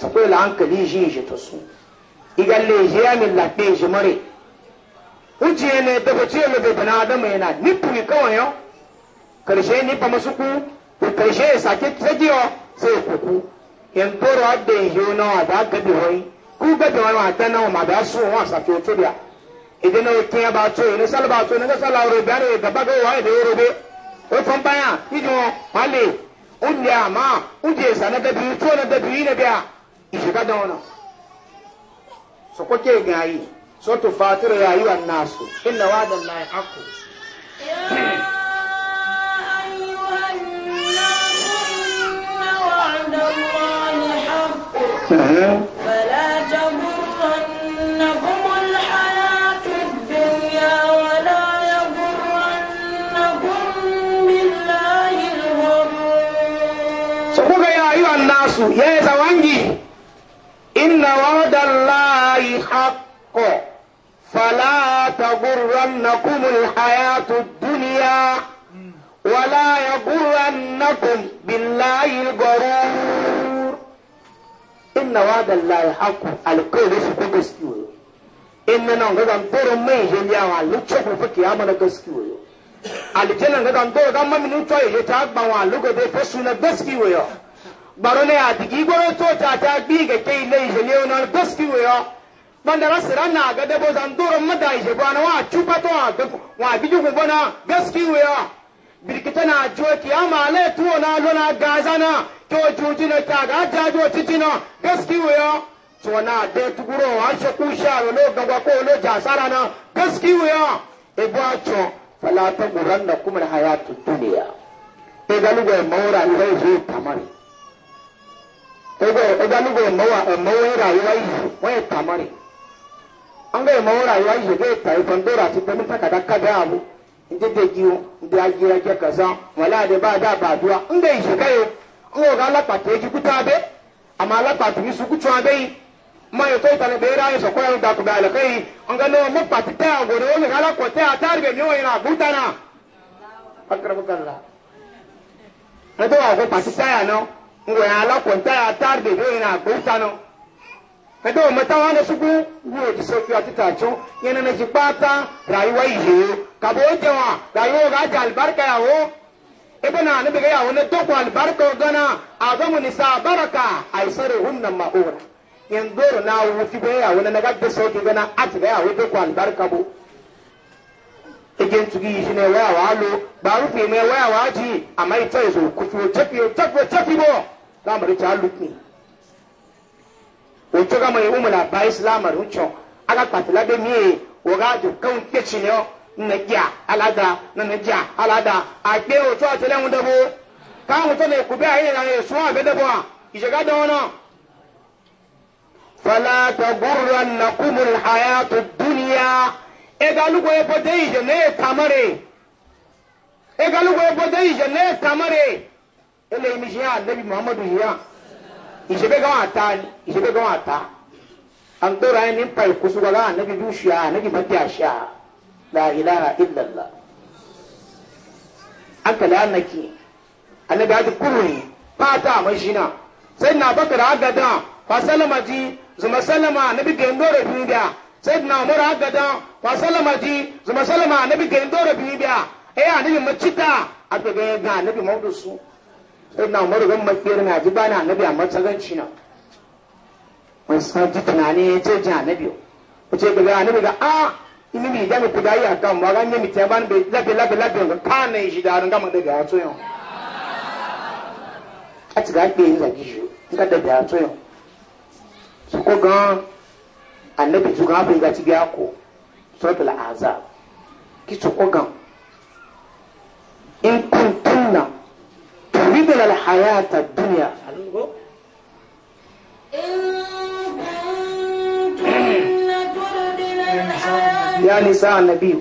sakwai la hankali ji ji to su igalle ji ya min lafiya ji mare ujiye ne daga ciye lobe bana adama yana nipu kawai yau karshe ni fa masu ku karshe ya sake tsagiyo sai kuku yan toro adda yi na wa da gabi hoyi ku gabi hoyi wa ta nawa ma da su wa sa fiye turiya idan na wakin ya ba to yi na sal ba to na ga sal aure biya ne gaba ga wa da yoro be o tun baya idi won male unya ma uje sa na dabi to na dabi ne biya ishiga da wannan so ko ke gayi so to fatira yayi wannan su inna wadan la yaqu فلا تغرنكم الحياة الدنيا ولا يغرنكم بالله الغرور سبق يا أيها الناس يا زوانجي إن وعد الله حق فلا تغرنكم الحياة الدنيا ولا يغرنكم بالله الغرور inna wada la haqu alqawlu su ko gaskiyo inna nan ga dan doro mai heliya wa lucce ko fa kiyama na gaskiyo aljana ga dan doro dan mamin to ye ta gba wa lugo de fa suna gaskiyo baro ne adigi goro to ta ta bi ga kai le heliya na gaskiyo banda ra sira na ga de bo dan mada ye ba na wa chupa to wa ga wa bi ju ko na gaskiyo birkita na jo kiyama ale tuwo na lona gazana to jujina ka ga jajo titina gaskiyo yo to na de tuguro a se ku sharo lo gagwa ko lo jasara na gaskiyo yo e bo acho fala ta guranna kuma hayatu dunya e galugo maura ira zo tamari e galugo mawa mawa rayuwa yi tamari an ga mawa rayuwa yi ga ta ifan dora ti ta mutaka kada abu nde dejiwo nde ajiraje kaza wala de ba da ba duwa nde ishikayo ngo ga lapata eji kutabe ama lapata ni su kutu abe ma yo to tale be ra yo ko yo da ku ga le kai nga no mo patita go ro ga la ko te atar be nyo ina gutana akrabu kala ndo wa go patita ya no ngo ya la ko te atar be nyo ina gutana kada wa mata wani sugu wo ji sauki a titacin yana na ji bata rayuwa ihe ka bo jawa rayuwa ga ji albarka yawo ibana ni biga yawo na doko albarka gana azamu ni sa baraka aisare hunna ma'ura yan doro na wufi bai yawo na gadda sauki gana ati ga yawo doko albarka bo igen tugi yi ne waya walo ba rufe mai waya waji amma ita yazo kufi tafi tafi tafi bo lamarin ta lukni wòtí ọgá mọ̀nyẹ́ wọ́n àbá islam rẹ̀ ńtsọ̀ alápàtì lábẹ́ mìíràn wọ́gá àjò káwọn kéètsì ni ọ́ nàìjíríà aládàá nàìjíríà aládàá àgbẹ̀ wòtí àtẹlẹ́wọ̀n dẹ́bọ̀ káwọn tó lè kú bẹ́ẹ̀ ayé ìlànà ìsún àbẹ́ dẹ́bọ̀ à ìṣègá dánwó náà. fala tagurra nakumul hayatu dunya egalugo ebote ije ne tamare egalugo ebote ije ne tamare ele imisiya anabi muhammadu yiya ìṣẹ́bẹ́ gan àta ni ìṣẹ́bẹ́ gan àta àǹtọ́ra ẹni pa ìkóṣùwà gan ànábi bí ṣe ànábi má di àṣà láàhìláhà ìlàlá. akàlẹ́ ànàkì ànábi àti kúròyìn pátá àmọ́ ṣìnà sẹ́yìn náà bàtàrà àgàdà wà sálàmà jí zùmọ̀ sálàmà ànábi gèndóore bí bíà sẹ́yìn náà ọmọdé àgàdà wà sálàmà jí zùmọ̀ bí bíà ẹ̀yà ànábi mọ̀ sai na umaru gan makiyar na ji bana annabi a matsaganci na wani sanji tunani ya ce ji annabi ko ce daga annabi ga a imi mi da mi kuda yi akan wa ganye mi tiyan be labe labe labe ga kana yi shi da ran gama daga ya tsoyon a ti ga ke yin zagi shi ga daga ya tsoyon su ko gan annabi su gan abin ga ci biya ko suratul azab ki su ko gan in kuntunna بدل الحياة الدنيا يا نساء النبي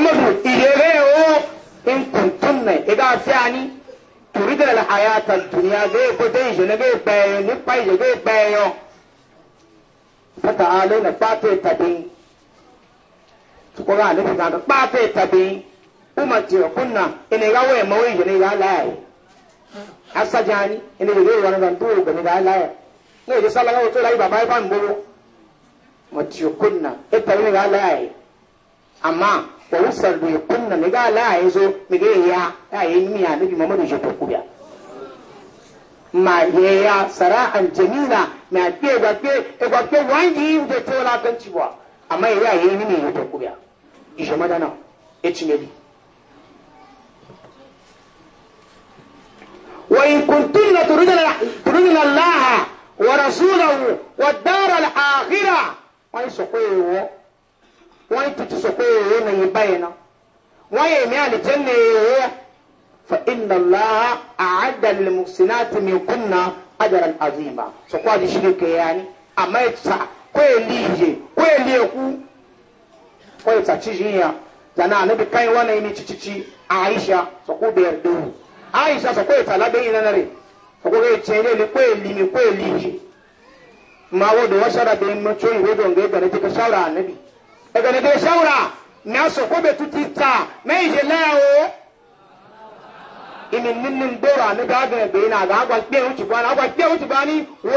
muhammadu idere o in kuntum ne iga se ani turida la hayata dunya ge ko de je ne ge pe ni pa je ge pe yo fata ale na pate tabi ko ga ne ga ga pate tabi uma ti kunna ene ga we mo je ne ga la asajani ene ge ga na ndu ga ne ga la ne je sala ga o to la baba e ba mbolo mo ti kunna e tabi ga la amma wa wusar da kunna mi ga la ya zo mi ga ya ya yi miya nabi muhammadu je to kubiya ma ye ya sara'an jamila ma ke ga ke e ga ke wangi je to la kan ci wa amma ya yi ni ne to kubiya je madana e ci meli wa in kuntunna turidna turidna allah wa rasulahu wad dar al akhirah Wani tètè sọ pé èyí na yìí báyìí na wọ́n yẹ ní àlìjẹ́ na èyí yẹ fa inna laha àádà lèmùsínà ti mi kún na àjàrà àzìmà sọkọ́ àdìsílẹ̀ kẹyà ni àmọ́ ẹ̀ tà kó èlì yìí kó èlì ẹ̀kú kó ẹ̀ tà zana anabi kan wọn na yìí ni títí àyíṣà sọkọ́ bẹ̀rẹ̀ dẹ́wù àyíṣà sọkọ́ ẹ̀ tà lábẹ́ yìí nánà rẹ̀ sọkọ́ ẹ̀ tiẹ̀ ní èlì kó èlì ni kó èlì yìí màá wọ́n dùn wọ́n da bẹ́ẹ̀ mọ́tò ìwé dọ̀ǹgẹ́ gbẹ̀rẹ̀ jẹ́ ká ṣára ànábì. daga na shawara na so ko me tuti ta na ewo lawo inin dora na ga agwa kpe uti bana wo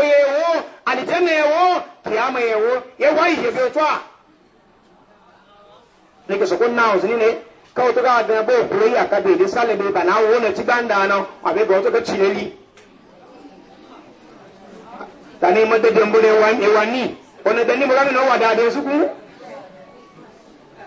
alijanna ye wo kiyama ye ije be a ne ke na ozini ne ka o to ga ga bo kure ya ka sale be bana wo na ti na abe ga chineli tani mo e mo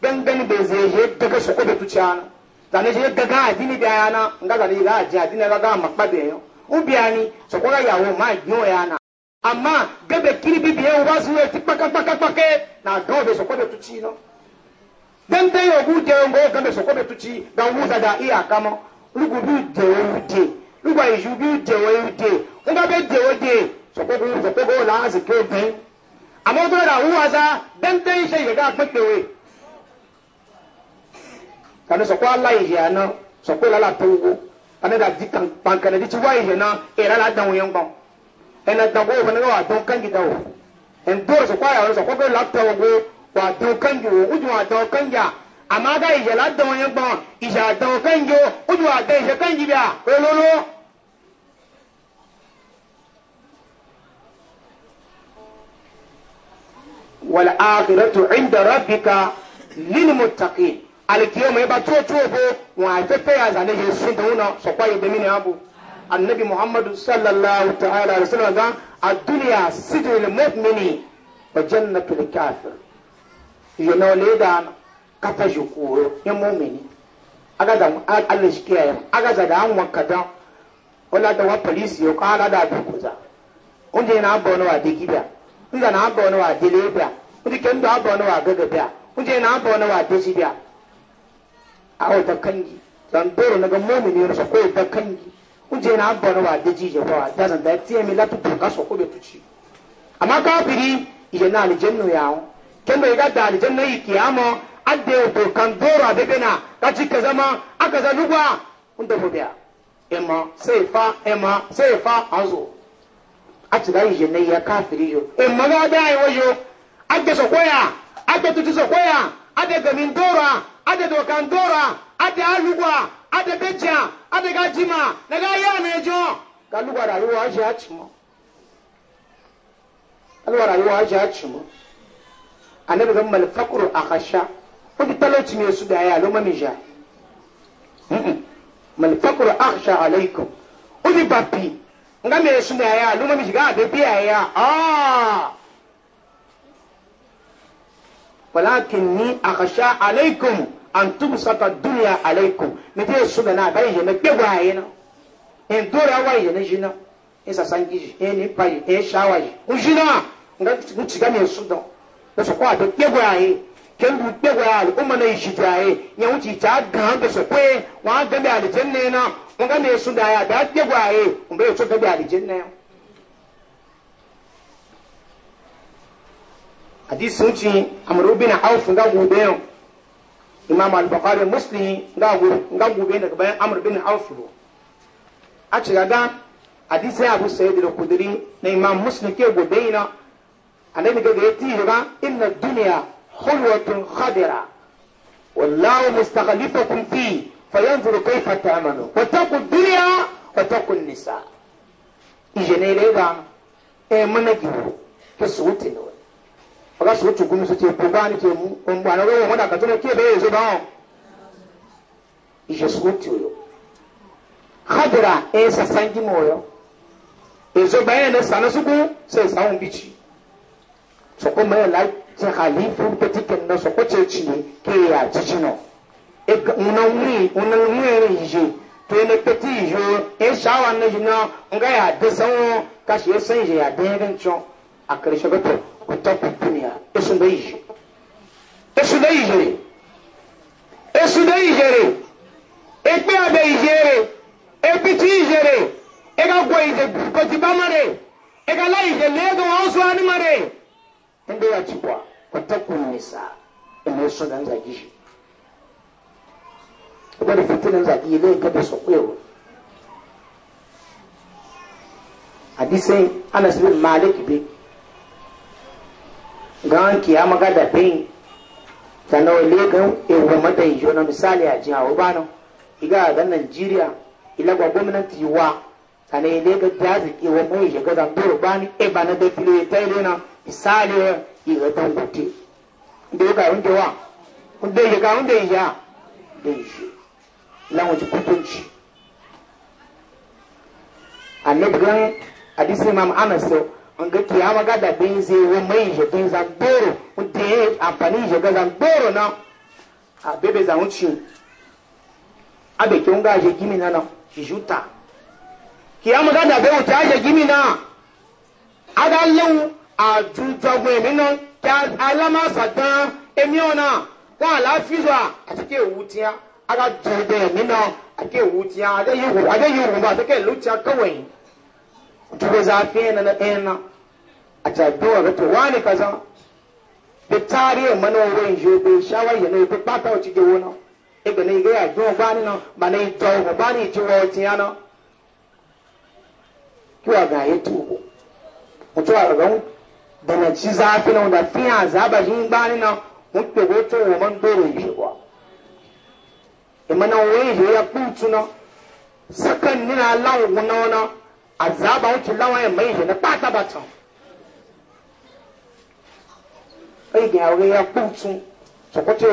gbengbeni bai zai je daga su kobe tuciya na zane je daga adini biya na nga zane ga aji adini ga ga makpa biya yo ubiya ni so kola yawo ma yo ya na ama gebe kiri bibi biya ba su ti paka paka paka na do be so kobe tuci no dan dai yo bu de ngo ga be so kobe tuci da wu da da iya kamo lugu bi de wu de lugu ai ju bi de wu de nga be de wu de so ko gu so ko la azike be amma to da wu aza dan dai sai ga ga pekwe kana sɔkɔ ala yi hɛn na sɔkɔ lala togo kana da di kan pankana di ti wa yi hɛn na ɛrɛ la dan o yɛn gbɔn ɛna dan o fana wa dɔn kanji da o ɛn dɔw sɔkɔ ayɔ sɔkɔ bɛ la togo wa dɔn kanji o uju wa dɔn kanji a ama da yi hɛn la dan o yɛn gbɔn ìṣe àdán kanji o uju wa dɔn ìṣe kanji bi a ololo. والآخرة عند ربك للمتقين alkiyama ba tuwo tuwo ko wa afẹ́fẹ́ ya zane yẹn sun tó wọn sọ̀kọ́ yẹn abu. mi ni abo anabi muhammadu sallallahu ta'ala alayhi wa sallam gan aduniya sidiri mu'mini wa jannatu li kafir yẹn náà le da kata shi kuro ya mu'mini aga da Allah shi kiyaye aga da an wanka dan wala da wa polisi yo kala da bi kuza unje na abu na wa digida unje na abu na wa dilebia unje kendo abu na wa gagabia unje na abbo na wa desibia awo da kangi zan doro na ga momi ne rasa ko na abba wa wade jije fa da zan da tiye mi latu to kaso ko be tuci amma ije na aljanna yawo Kendo bai ga da aljanna yi kiyama adde to kan doro abe bena ka ci lugwa unda ko biya emma sai fa emma sai fa azo a ci ga ije ne ya kafiri yo emma ga da ayi wajo adde so koya adde tuti so koya adde gamin dora ada dokantora ada alugwa ada beja ada gajima daga ya mejo kalugwa rayuwa shi a cimo kalugwa rayuwa shi a cimo annabi ga mal faqru akhasha kudi talauci ne su da ya lo mamija mal faqru akhsha alaikum kudi bapi nga me su da ya lo mamija ga be biya ya ah walakin ni akhsha alaikum an tubsata dunya alaikum mi te suga na bai je me gbegwa ayina en dora wa je ne jina en sa sangi je en ni pai en shawa je u jina nga mu tiga me su don da so kwa de gbegwa ayi ken du gbegwa al umma na shi ta ayi nya u ti ta gan da so pe wa ga me al jenne na o ga me su da ya da gbegwa ayi mu be so ga be al jenne hadisi sun ci amru bin auf ga gobe yau imam al-bukhari muslim nga go nga go be daga bayan amr bin auf do a ci ga hadisi abu sa'id al-khudri na imam muslim ke go be ina annabi ga ya ti ga inna dunya hulwatun khadira wallahu mustaghlifukum fi fayanzuru kayfa ta'malu wa taqu dunya wa taqu nisa ijenele ga e mana ke suuti oga so tu gum so ti pe ba ni ti mu o mu ana wo mo da ka to ne ke be so ba o je so tu yo khadra e sa sangi mo yo e so ba ne sa na su ku se sa un bichi so ko me la ti khalifu pe ti ken no so ko che chi ke ya chi chi no e una wi una wi re je to ne pe ti jo e sha wa ne jina nga ya de sa wo ka shi e san je ya de ren a ƙarshe ga ku tafi duniya isu da yi isu da yi jere isu da abe yi jere ebiti yi jere ega gwa yi jere kotiba mare ega la yi jere lega wa osu ani mare inda ya cikwa ku tafi nisa ina isu da nzagi shi wadda fitinan zagi ile gaba su kwewa hadisai anas bin malik bi gan kiyama ga da pain sannan wale gan ewa mata ijo na misali a jiya wa obano iga ga nigeria ilagwa gwamnati wa sannan ile ga jazi ewa mai ijo ga zamburu bani eh, ba na da filo ya taire na misali iga dangote da ya ga wunde wa wunde ya ga wunde ya da shi lan wuce kutunci annabi gan hadisi imam anas nga kiyama ga da bin zai wa mai je bin zan boro wanda e, amfani je ga zan boro na a bebe zan wuce a da ke nga je gimi na na ki juta kiyama ga da be wuce a je gimi na a ga lewu a jujagun emi na kí alama sàtán emi ọ̀nà wọn àlàáfíà àti kí ewu tiẹ́ a ga jujagun emi na àti kí ewu tiẹ́ adé yìí wù adé yìí wù bá àti kí ewu tiẹ́ kọ̀wé yìí. tuka zafi na na ɗayan nan a tafiya ga towa ne kaza da tarihin manowar shi ko shawar yana ko ba ta wuce gewo nan iga ne ga yaji wa bani na, ba na yi tawo ba bani ni ci wa wuce yana kiwa ga ya tuko mutu a ragan da na ci zafi na, wanda fiya zaba shi bani nan mun ke go to wa man doro shi ba imana e wai ya kutu na, sakan nina lawo na wana azaba ŋutsu la wọn ẹmọ ìyẹn nípa àtàbàtàn ẹyìn àwọn ẹyà kpọ̀tún tọkọtẹ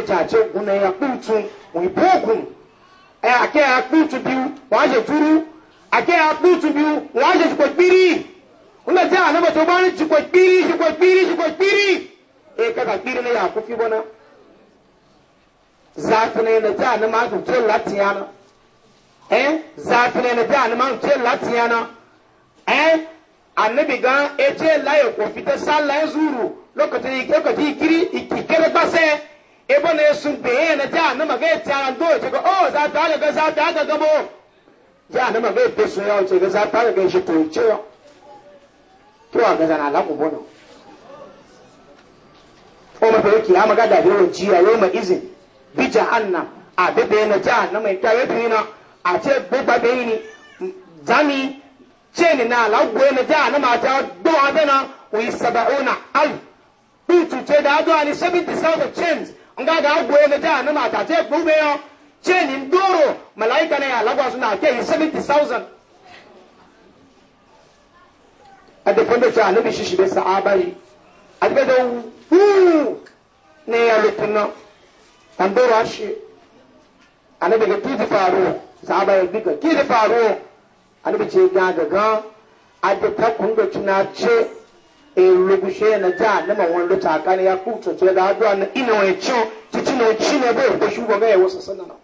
ẹjà àti ogun náà ẹyà kpọ̀tún wọn ìbú ogun ẹyà akẹ́ ẹyà kpọ̀tún bí wọn àyè dúró akẹ́ ẹyà kpọ̀tún bí wọn àyè jùkọ̀ gbírí wọn lọ sí ànábọ̀tò wọn jùkọ̀ gbírí jùkọ̀ gbírí jùkọ̀ gbírí ẹyà kàkà gbírí náà yà kó fi wọn náà zaafi náà yẹn lọ sí ànábọ̀tò láti yàn náà. eh oh, zafina na bi aliman ce latiya na ee annabi ga e la ya ko fita sallah zuru lokacin kiri ikikere gbase ebe na esu be na ja na maga ti an do ce ga oh za za ta ga gabo su ya ga za to a ga zana ko o ma a ki amaga da bi ro ji a yau izin bi a bebe na na a ce gbogbo da yi ne zami ce ni na lagwe na jiya na mata duwa dana wai saba'una al bitu ce da aduwa ni 70,000 chains nga ga agwe na jiya na mata ce gbogbo yau ce ni doro mala'ika na ya lagwa suna ke yi 70,000 a dafin da ce annabi shi shi bai sa'aba yi a daga da wuu ne ya lukunan an doro ashe annabi ga tuti faruwa sahaba ya duka ki da faro annabi ce ga gaga adda ta kunga tuna ce e rugushe na ja na man wanda ta kan ya ku to ce da addu'a na ina wai ci titi na ci ne bai ko shugo ga ya wasa sanana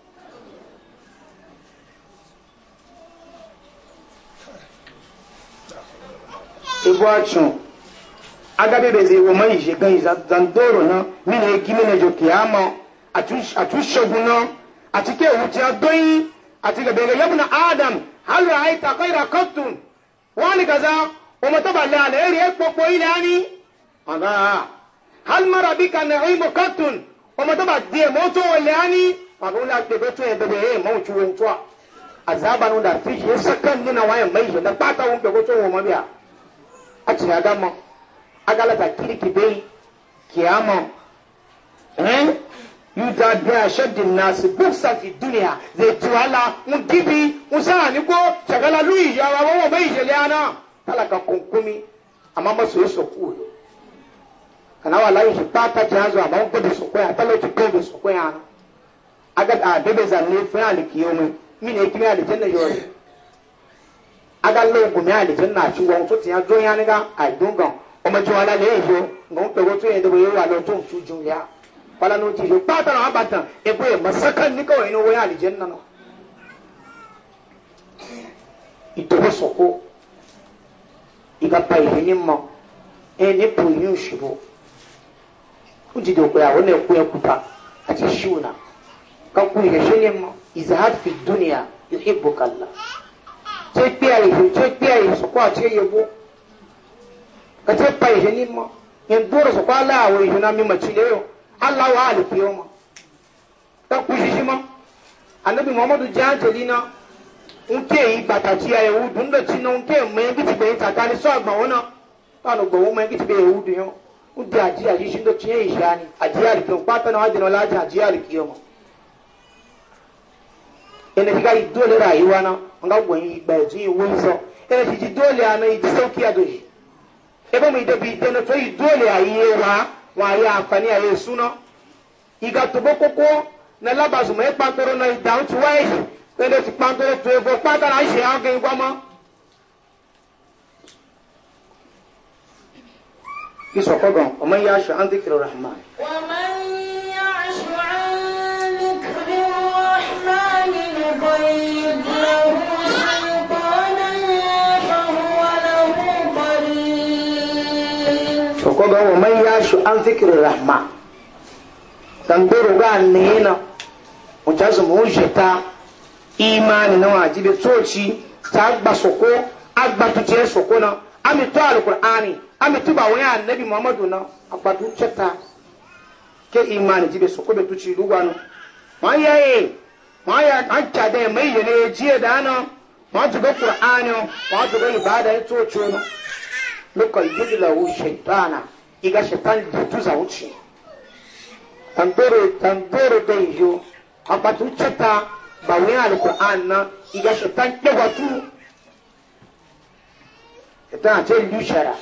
Igwacho agabe na jo kiyama atu atu shogun na atike ewu ti adoyin àti gàbẹ̀gà yẹ́bùnà adam hálù àìta kọ́ìrà kọ́tùn wọ́n ní kàzá ọmọ tó bà lẹ́ àlẹ́ èrè pọ̀pọ̀ ilẹ̀ á ní. ọ̀gá hálùmọ́ra bí kan náà ìmọ̀ kọ́tùn ọmọ tó bà di ẹ̀mọ́ tó wọlé á ní. ọ̀gá wọn láti bẹ̀bẹ̀ tó yẹ bẹ̀bẹ̀ yẹ ẹ̀mọ́ òtún wọn tó a. àzàbà nù dàtí yẹ sẹ́kẹ̀nd nínú àwọn ẹ̀mọ́ yìí náà pátá wọn bẹ̀bẹ̀ tó wọn mọ́ bí a. a ti yàgá mọ́ agalata kiriki bẹ́ẹ̀ kìá mọ́. yuda biya shaddin nasu buksa fi duniya zai tuwala un gibi un sa ni ko shagala luyi ya wa wa bai jeli ana talaka kunkumi amma masu yi kana wa layu shi pata ki hanzo amma un ya talauci gudu soku ya ana aga ah, bebe zanne fi aliki yau mai mini ya kimi alijanna yori aga lo gumi alijanna shi wa mutu tiya don ya ni ga a dungan ọmọ jiwa lalẹ yìí yóò ngọn pẹ̀wọ́ tó yẹn dẹ́gbẹ̀ yóò wà lọ tó ń tu bala no tijo kpata na abata ebe masakan ni kawai no waya aljanna no itobo soko iga pa ihini mo e ne po yin oshibo o ti do pe awon eku ekuta ati shiuna ka ku ihe shele mo izahad fi dunya yuhibbuka allah tse kpe ayi tse kpe ayi soko ati yebo ka tse pa ihini mo en duro soko ala awo na mi ma chile yo Allah wa alkiyoma ta kushi ma annabi muhammadu jajali na nke yi batati ya yawu dun da ci na nke mai giti bai takali so agba wona ta no gbo mai giti bai yawu dun udi aji aji shi do ci yi shani aji alkiyoma pata na hadin wala aji aji alkiyoma ene diga yi dole rayuwa na nga gbo yi gba ji yi wunso ene ji dole ana yi sauki adoji ebe mu ide bi ide to yi dole ayi wa wọn ayé àǹfààní ayé ìsúná ìgbà tó bó kókó na lábàzùmọ̀ ẹ̀ pàǹtọ́rọ̀ náà ìdáhùn ti wáyé pẹ̀lú ti pàǹtọ́rọ̀ tó egbò pátánà ṣe àgẹ̀ ìgbọ́mọ́. ìsọ̀kọ́ gan ọmọ yẹn aṣọ andikiri rahman. ọmọ yẹn aṣọ andikiri rahman ni bọ̀ yìí gbọ́dọ̀. soko ga wa man yashu an zikirin rahma zambero ga ne na wata su mu ta imani na wajibi tsoci ta agba soko agba tuce soko na ami to alqur'ani ami tuba wani annabi muhammadu na agba tuce ta ke imani jibe soko be tuci lugwano ma yaye ma ya an ta da mai yene jiye da na ma tuga qur'ani ma tuga ibada ya tsoci na nuka yidu lahu shaitana iga shaitan dutu za wuce tandoro tandoro da yiyo a batun cata ba wuyan alkur'an na iga shaitan ɗagwatu shaitan a ce lushara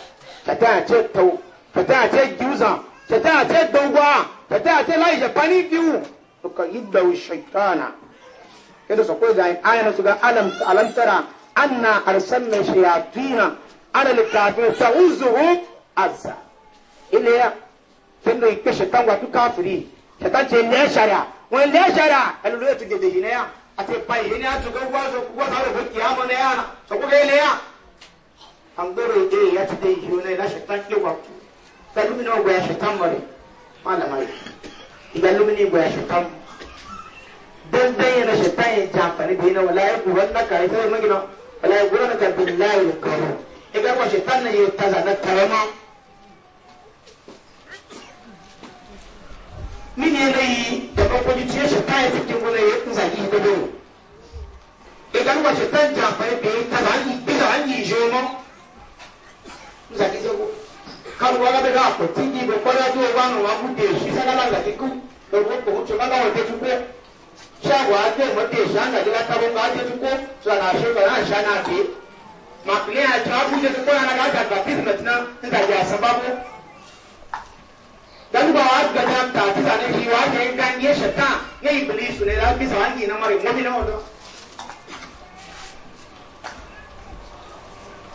shaitan a ce tau shaitan a ce giuza shaitan a ce dogwa shaitan a ce lai shaitani biyu nuka yidu lahu shaitana alamtara anna arsalna shayatina ala likafir fa uzuhu azza ile ya kendo ipe shetan wa tu kafiri shetan je le shara won le shara elu le tu gede yin ya ati pa yin ya tu gwa so gwa so ko ki amo ne ya so ko ile ya an goro ide ya ti de yin ne la shetan ke wa tu pelu mi no gwa shetan mari wala wala ebe kwa shetan na ya taza na karama mini yana yi da kwakwani tiye shetan ya fitin wani ya kunza yi da dole idan kwa shetan jafa ya bayi taza an yi bisa an yi je ma kunza ki zago kan wala bai ga ko tingi bai kwara zuwa wani wa mu da shi sana la la kiku da ko ko to kana wa da tuwe sha wa da mu da shi an da ta bunga da tuko sana shi kana sha na ke màpìlẹ àti àbújá ti kọ́ra náà káàkiri àgbà bísí mẹtìnà níta ìyá Dan Dalibu a wasu gata ta ti sani shi wa ta kan yi shata ya yi ne da bisa wani na mara mutu na wato.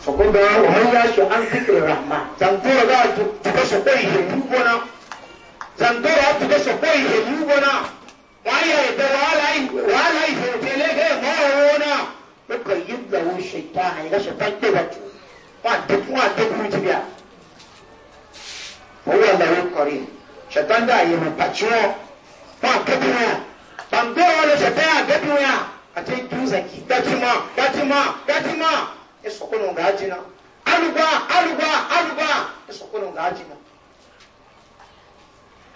Fakun da ya shi an zikirin rahma. Zantora za a tuka shakwa ihe yi gona. Zantora a tuka shakwa ihe yi gona. Wani ya yi da wahala ihe hotelai ga yi mawa yuqayyid lahu shaytan ga shaytan ke wato wa da kuma da kuma tibiya fa huwa lahu qarin shaytan da yi mun pachuo wa da kuma bando wala shaytan da kuma ate tuza ki gatima gatima gatima eso kono gajina alugba alugba alugba eso kono gajina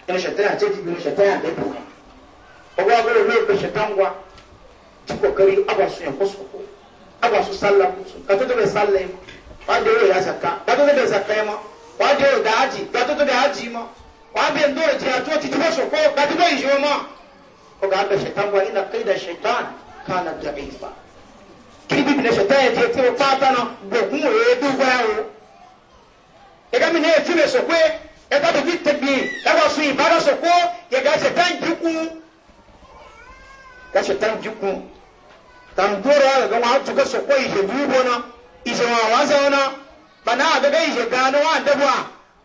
ina shaytan ate ti bi shaytan da kuma ogo agoro lo ko shaytan wa ci kokari abasu ya kwasu ko abasu sallah musu ka tutu bai sallah ma wa da yau ya zakka ka tutu bai ma wa da yau da haji ka aji bai haji ma wa bai ndo ji ya tuwa titi kwasu ko ka tutu bai jiwa ma ko ga da shaitan wa ina kai da shaitan kana da ifa kibi ne shaitan ya je tiro pata na gogun ya du gwawo e ga mi ne fi me so ko e ga da fi tabi e ga su ibara so ko ya ga shaitan jiku ka shaitan jikun tambura ga wa tuka so ko ije bubo na ije wa waza na bana ga ga ije gano wa dabwa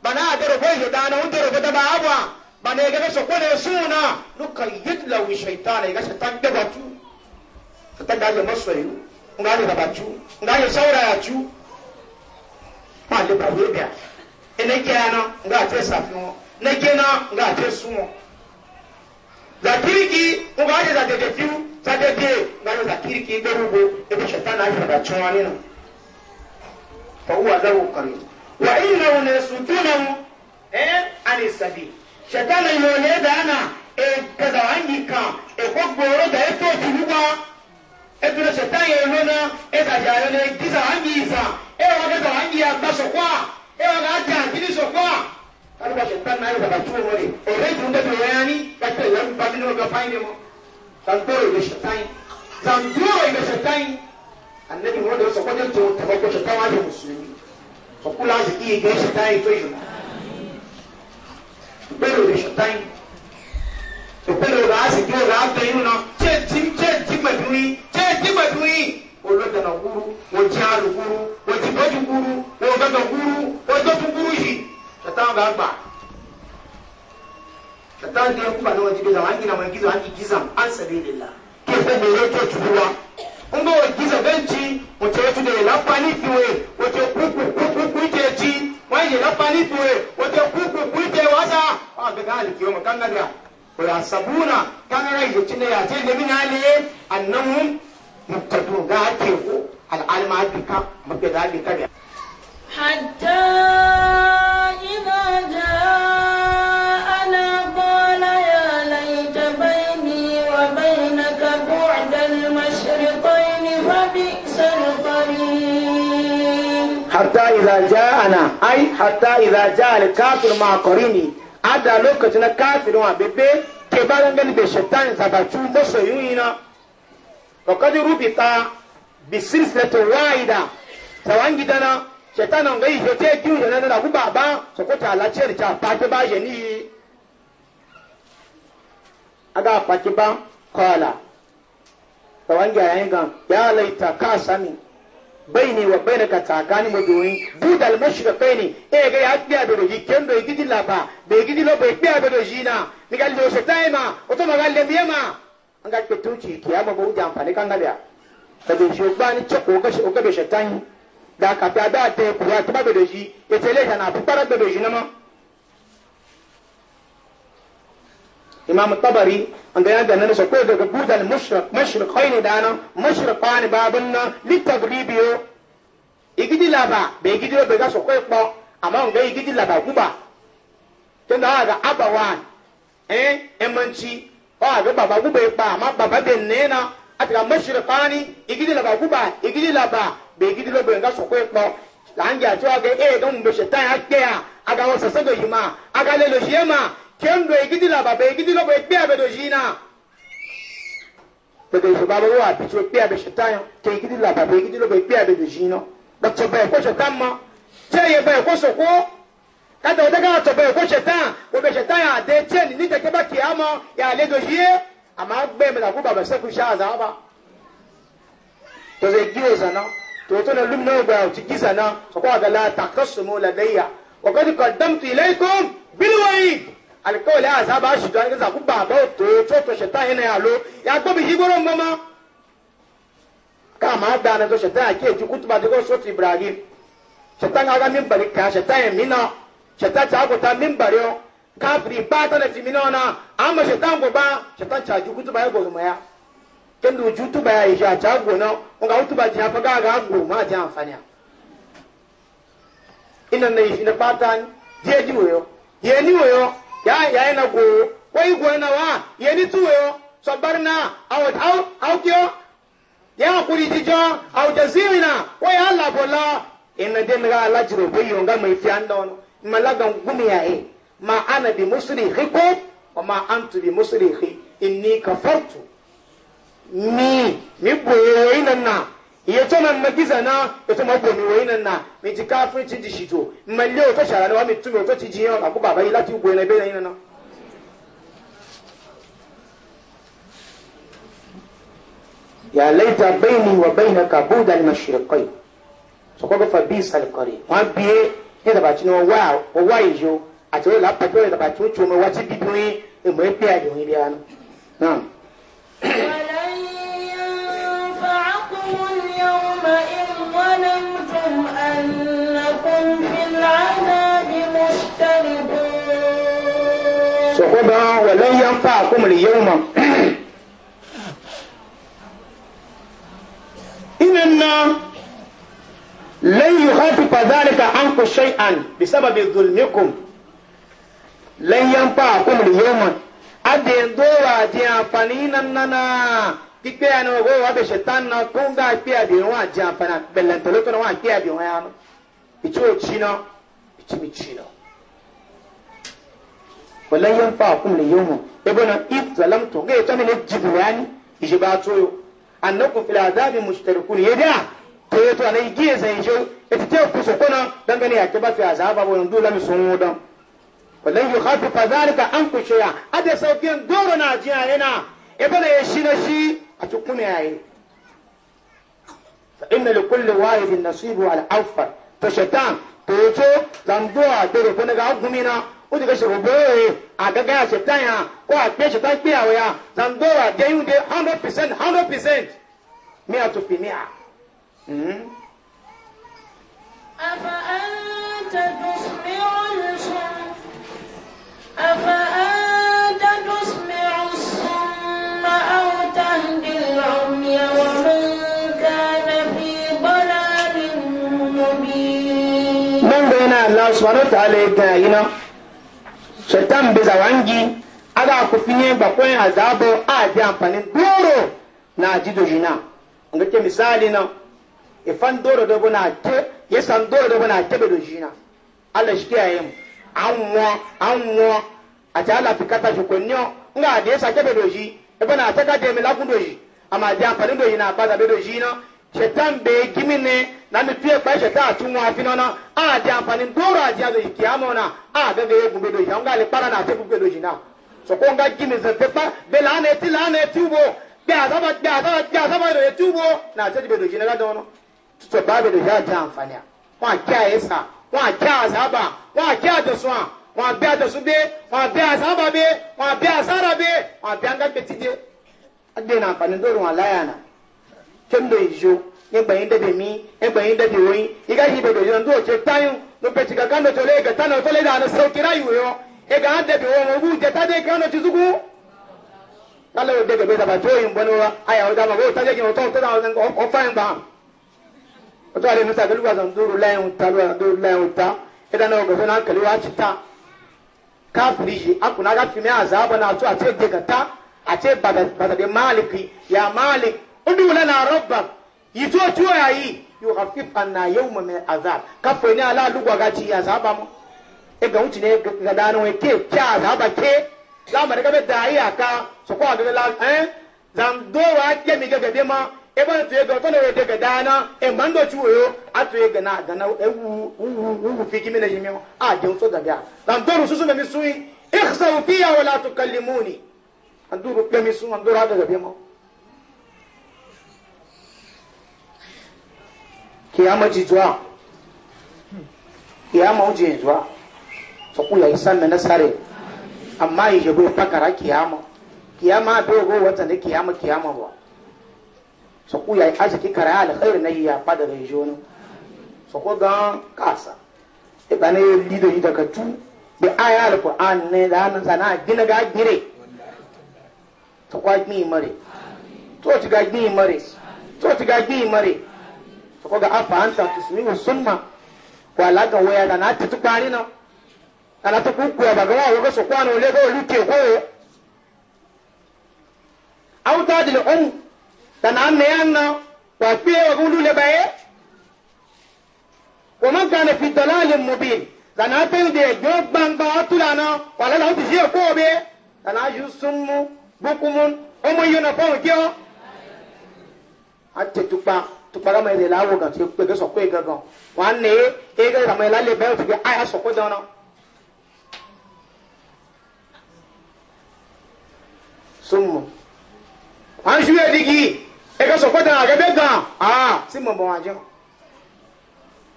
bana ga ko ije dana un dero ga daba abwa bana ga so ko ne suna nuka yitla wi shaitan ga shaitan da batu shaitan da ga masoyi nga ne batu nga ne saura ya tu ma le ba we ga ene ke ana nga te safi won ne ke na nga te sun won za kiriki ungaje za dedefiu za dede ngano za kiriki iberugo ebe shetani aifada chwani na fa huwa lahu qarin wa innahu yasutunahu eh ani sabi shetani yone dana e kaza wangi ka e kogboro da eto tibuwa ebile shetani yona e za jayone giza wangi isa e wakaza za wangi ya basokwa e waga aja akili sokwa kaliba shetan na ba tu wore o re tun da bayani da ta yan ba min ga fayne mo san dole da shetan san dole da shetan annabi mo da so ko to ta ko shetan wa de musulmi so kula su ki ga shetan to yi pero da shetan to pero da su ki ga ta yi no che tim che tim maduri che tim maduri o lo da na guru o ji alu guru o ji boju guru o ga ga guru o do guru yi shaitan ga ba shaitan da ya kuma na wajibi zama wani gina wani gizo an giza an sabi lilla ke fa me ne ke turuwa in ba wani giza benci wace wata da ya lafani fiwe wace kuku kuku kuke ci wani ya lafani fiwe wace kuku kuke wasa a ga ga alkiyo makan nagara wala sabuna kan rai da cinna ya ce da min aliye annahum muttaqun ga ake ko al'alma hakika mabda da hakika حتى إذا جاءنا قال يا ليت بيني وبينك بعد المشرقين فبئس القرين حتى إذا جاءنا أي حتى إذا جاء الكافر مع قريني ada lokacin na kafirin wa bebe ke bayan gani bai shaitan zabatu masoyin na kakadi rubita bi silsilatin wa'ida tawan gidana shaitan nga yi hete ju yana na ku ba so ko ta lace ni ta pake ba je ni aga pake ba kala to wanga yayin gan ya laita ka sami bai baini wa bai bainaka tsakani mu doyin budal mashriqaini e ga ya biya da yi kendo yi gidi laba be gidi lo be biya da yi na ni ga lo shaitan ma o to magal le ma an ga ke tuci kiyama ba u da amfani kan na biya ka be shi ba ni ce ko ka shi o ga be da kata da ta kuwa ta ba da shi ya tele ta na fara da shi ma imam tabari an ga yadda nan sako daga budal mushrik mushrikai da nan mushrikai babun nan litagribiyo igidi laba be igidi be ga sako ko amma an ga igidi laba guba kuma tunda ga abawan eh emanci ba ga baba guba gube ba amma baba benne na atiga mushrikai igidi laba kuma igidi laba begidi lobe nga sokwe kpɔ lanji ati wa ke ee gamu shetan ya ya aga wɔ sese do yi ma aga le ye ma kem do egidi la ba begidi lobe kpe ya be do na yi ba be ya be shetan ke egidi la ba begidi be na shetan ma ye ko soko kata o de ka ba bɛ e ko shetan o be shetan ya de tse ni ni te ke ama ya le do ye a ma la ko baba seku sa a ba tɔzɛ toto na lumna ya bayan ci gisa na su kwa ga la takassumu ladayya wa qad qaddamtu ilaykum bil wa'id alkawli ba shi don ga ku ba ba to to to shaitan yana yalo ya gbo bi higoro mama kama da na to shaitan ke ji kutuba daga sot ibrahim shaitan ga min bari ka shaitan mina shaitan ta ko ta min bari kafiri ba ta na timina na amma shaitan go ba shaitan ta ji kutuba ya go zuma ya kendo ujutu ba yayi ja ta gona unga utu ba ja faga ga go ma ja amfani ina ne ina patan je ji wo ye ni wo ya ya na go ko yi go na wa ye ni tu wo so barna aw aw aw kyo ya kuri ji jo aw jazina ko ya la bola ina de ga la jiro bo yo ga mai fian don malaga gumi ya e ma ana bi musrikhikum wa ma antu bi musrikhi inni kafartu mi mi boye wai nan na iya to nan na giza na ita ma bomi wai nan na mi ji kafin ci ji shito malle o to shara na wa mi tumi o to ci ji yau aku baba yi lati boye na be nan na ya laita baini wa bainaka buda al-mashriqayn so ko fa bi salqari wa biye ne da ba ci no wa o wa yi jo àti wọ́n làá pàtó ìdàgbà tí ó tún ọmọ wá sí bíbí oyin èmọ̀ ẹ̀ pé àjọ yín bí i àná. اليوم إذ ظلمتم أنكم في العذاب مشتركون سخبا ولن ينفعكم اليوم إننا لن يخفف ذلك عنكم شيئا بسبب ظلمكم لن ينفعكم اليوم أدين دورا جي فنين أننا kikpe ya na wo wa be shetan na ko ga kpe ya de wa ja fana belen wa kpe ya wa ya no ichi o chi no ichi mi chi no wala yan fa kum le yomo if zalam to ge to ne jibu yani ije ba to yo annakum fil azabi mushtarikun yada to yato ana igiye zai jo ita ku so kuna dangane ya ke ba fi azaba bo ndu lami sun wudan wallan yukhafifa zalika an ku shaya ada saukin doro na jiya yana ibana ya shi na shi أتكون يعني فإن لكل واحد نصيب على أوفر فشتان توجو زندوا دورو كنا قاعد همينا ودي كشر بوي أجا شتان يا كوا أجا شتان بيا ويا زندوا جايون دي 100% 100% مئة في مئة أفأنت تسمع الشمس أفأنت allah subhanahu wa ta'ala ga yina shaitan bai zawangi aga ku finye ba koyin azabo a ji amfanin doro na ji do jina ga ke misali na ifan doro da buna ke yasan doro da buna ke do jina allah shi kiyaye mu an wo a ta ala fikata shi kunyo nga da yasa ke do ji ibana ta ka je lagun do ji amma ji amfanin do jina ba da do jina shetan be gimi ne na mi fiye kpa shetan a tun wafi nana a di amfani doro a di azo iki amo na a ga ga ye gube doji an ga na a te doji na so ko n ga gimi zan te kpa be la ana eti la ana eti ubo gbe azaba gbe azaba gbe azaba do eti ubo na a te gube doji na ga dɔn no tutu ba be doji a di amfani a wọn a kí a ye sa wọn a azaba wọn a a dosun a wọn a bẹ adosun be wọn a azaba be wọn a bẹ asara be wọn a bẹ beti de a den na amfani doro wọn laya na kendo ijo egbanyi debe mi egbanyi debe oyi iga yi dodo yo ndo che tayu no pe chiga kando chole ga tano tole da na so kira yu yo e ga ande be wo bu je ta de kano chizugu kala o debe be da ba to yin bono wa aya o da ma go ta je ki o to to da o fa en ba o to ale musa galu ga zan duru lai ta lu duru lai ta e da no go so na kali wa chi ta ka friji akuna ga fi me azaba na to a ce de ga ta a ce ba da ba da maliki ya yito tuwa yayi yo hafif anna yawma min azab ka fa ni ala lugwa ga ci azaba mu e ga wuti ne ga dano e ke kya azaba ke la ma daga be dai aka so ko adon la eh zam do wa ke mi ga ga be ma e ba to e ga kono e ga dana e man do tuwo yo ato e ga na ga na e wu wu wu fi kimi na yimi a je so da ga zam do rususu na mi sui ikhsaw fiya wala tukallimuni anduru ke mi su anduru ada ga be ma kiyama ji zuwa kiyama ji zuwa so kula isan na nasare amma yi jabo ya fakara kiyama kiyama bai go wata ne kiyama kiyama ba ta kula yi aji kikara ya alkhair na yi ya fada da jona so ko ga kasa ibane e lido yi daga tu bi aya alquran ne da hannun sana gina ga gire ta kwa gni mare to ti ga gni mare to ti ga gni mare soko ga afa anta tusmi'u summa wala ga waya da na ta tukari na ala ta kuku ya baga wawo ga soko ana ole ga olu ke koyo aw ta dil um da na ne anna wa fi wa gulu le baye wa man kana fi dalalin mubin da na ta de gban ba atulana wala la ti je ko be da na yusumu bukumun omo yuna fa o je o atetukpa tukpaga mai de la wo gan ti pe ke sɔkò yi gangan wọn lé e ka gama yi la lé bɛn o ti kɛ a yà sɔkò dɔn na. sunmu wọn su yɛ digi e ka sɔkò dɔn a kɛ bɛ gan aa si mɔ bɔn wa jɛ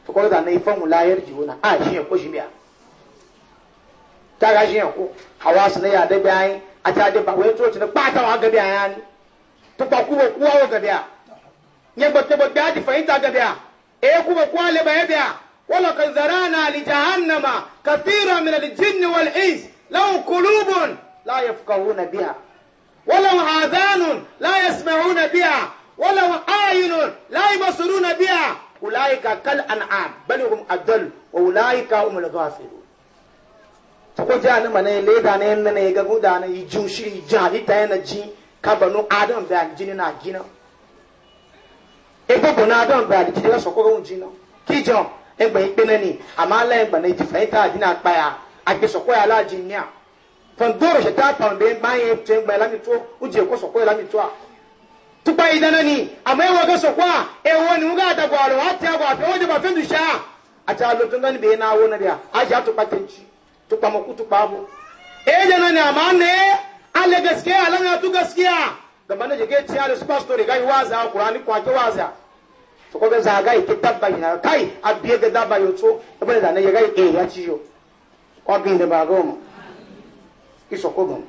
tukɔrɔ ta ne yi fɔmu la yɛri jiwo na a ziyan ko ziyan taa ka ziyan ko awa sinɛ yɛ a de bɛ an ye a ti a de ba o ye tó ti ne kpa wa gɛbi a yɛ an ye tukpa kubo kuwa o gɛbi a. nye gbɔtɛgbɔtɛ adi fahimta ga bia e kuma ko ale baya bia wala kan zarana li jahannama kathira min al jinni wal ins lahum qulubun la yafqahuna biha ولو آذان لا يسمعون بها ولو أعين لا يبصرون بها أولئك كالأنعام بل هم أضل وأولئك هم الغافلون ko jani mana le da ne ne ga guda ne yi jushi jali ta yana ji ka banu adam da aljini na gina egbogbo na adọ mgbe adịjide ya sọkwụrụ nwụji nọ kijọ egbe ikpe nani amaala egbe na ejifa ita adị na akpa ya akpe sọkwụ ya ala ji nnịa fọndoro sheta pambe mgbe anyị etu egbe lamitụ uji ekwe sọkwụ ya lamitụ a tupa ida nani ama ewe ga sọkwụ a ewe ni nwụga adagwa arụ ati agwa afọ onye ba fendu sha alo alụtụ ndị bụ na awụ na bịa aji atụkpa kenchi tụkpa mọkwụ tụkpa abụ eje nani ama na ale gaskiya ala na atụ gaskiya gaba na jege tiya da su pastor ga yi waza qur'ani kwa ke waza to ko ga zaga yi ke dabba ina kai abiye ga dabba yo to ba da na ya ga e ya ci yo ko bin da ba go mu iso ko go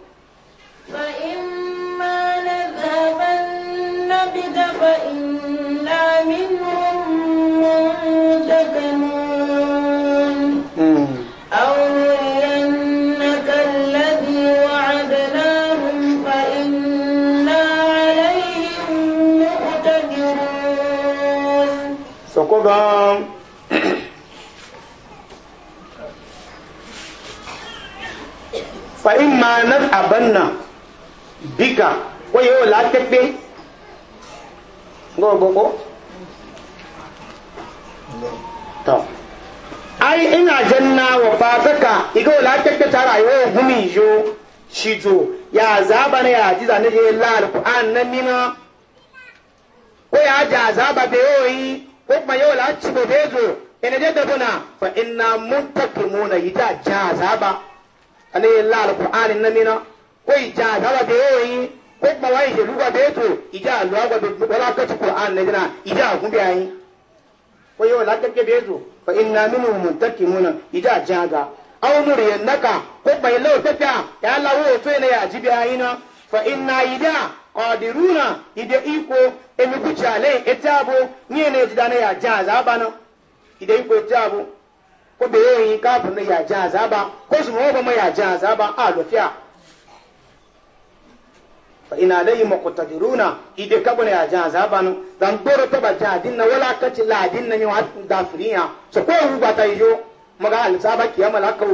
fa imma nadhabanna bi dabba inna minhum muntakimun hmm. aw soko ga fa imma na abanna bika ko yo la tepe go go go to ai ina janna wa fataka igo la ta tara yo gumi yo shito ya zaba ne ya ji zane je la alquran na mina ko ya a zaba o yi. ko kuma yau la ci bobe zo ina je da buna fa inna muntakimuna yita jazaba ale la alqur'anin namina ko ijazaba be yoyi ko kuma wai je luga be to ija luwa ga be wala ka ci qur'an ne dina ija kun bi ayi ko yau la kake be zo fa inna minhu muntakimuna ija jaga aw muriyannaka ko bai lau tafiya ya lawo to ne ya jibi ayi na fa inna ida qadiruna ide iko emikucha ale ne nyene jidane ya jaza bana ide iko etabo ko be yin ka na ya ja ba ko su mo ma ya ja ba a do fiya fa ina alayhi muqtadiruna ide ka na ya jaza bana zan goro ta ba jadin na wala kaci ci ladin na yi wa da furiya so ko ru ba ta yo maga al sabaki ya malaka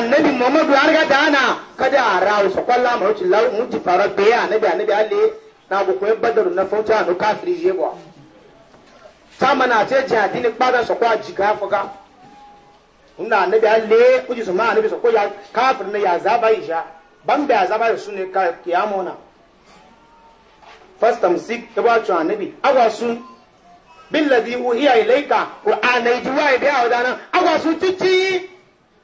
annabi muhammadu har ga dana kada a rawu su kwalla ma wuce lau mutu fara biya annabi annabi alle na bu koyi badaru na fauta no kafiri je ba sama na ce ji adini kpada su kwa jika fuka inda annabi alle kuji su ma annabi su ko ya kafir na ya zaba isha ban da ya zaba su ne ka kiyamona fastam sik ka ba ci annabi agwa sun billadi uhiya ilaika qur'anai juwa da wadana agwa su cici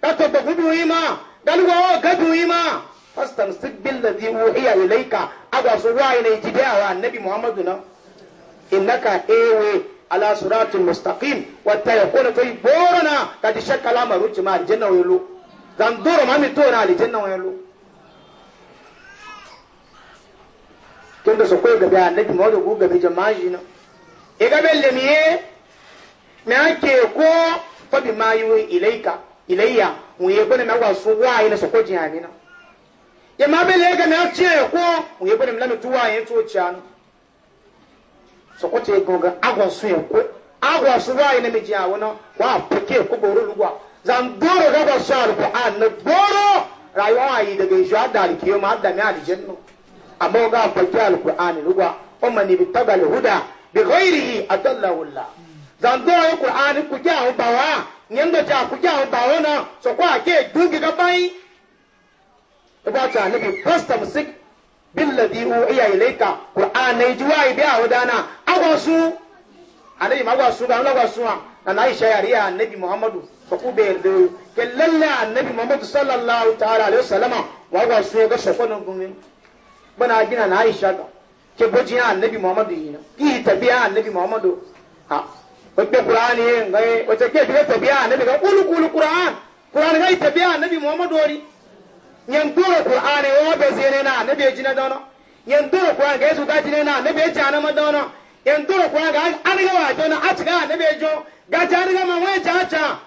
dato ba gudu yi ma dalwa wa gadu yi ma fastamsik bil ladhi wuhiya ilayka aga su wayi ne jide wa annabi muhammadu na innaka ewe ala siratul mustaqim wata yakuna tay borona kadi shakala maruti ma aljanna waylo zan doro ma mi tona aljanna waylo tunda so ko gabe annabi muhammadu ko gabe jama'i na e gabe lemiye me ake ko fa bi ma yuwi ilayka ilayya mu ye bane na wasu waye na sokko jihani na ya ma bele ga na ce ko mu ye bane mlan tuwa ye to chan Soko te gonga agwa su ye ko agwa su waye na miji awo na wa peke ko boro lugwa zan boro ga ba shar ko an na boro rayuwa ayi daga jwa dal ki yo ma da mi aljannu amma ga peke alqur'ani lugwa o mani bi tagal huda bi ghairihi adallahu allah zan doro qur'ani ku ja bawa nyendo cha kuja baona so kwa ke dungi ga bai ba ta nabi fasta musik billadhi iya ilayka qur'an ne juwa ibi awdana agwasu alayhi magwasu ga magwasu na na aisha yariya annabi muhammadu so ku be da ke lalle annabi muhammadu sallallahu ta'ala alaihi wasallama magwasu ga sokonon gumin bana gina na aisha ga ke bojin annabi muhammadu yi na ki tabiya annabi muhammadu ha wacce qur'ani ye ngai wacce ke fiye tabiya annabi ga kulu kulu qur'an qur'an ga tabiya annabi muhammad wori nyen duro qur'ani wo be zene na annabi e jina dono nyen duro qur'an ga su ga jina na annabi e jana ma dono nyen duro qur'an ga an ga wa jona a ga annabi e jo ga jana ga ma wa ja ja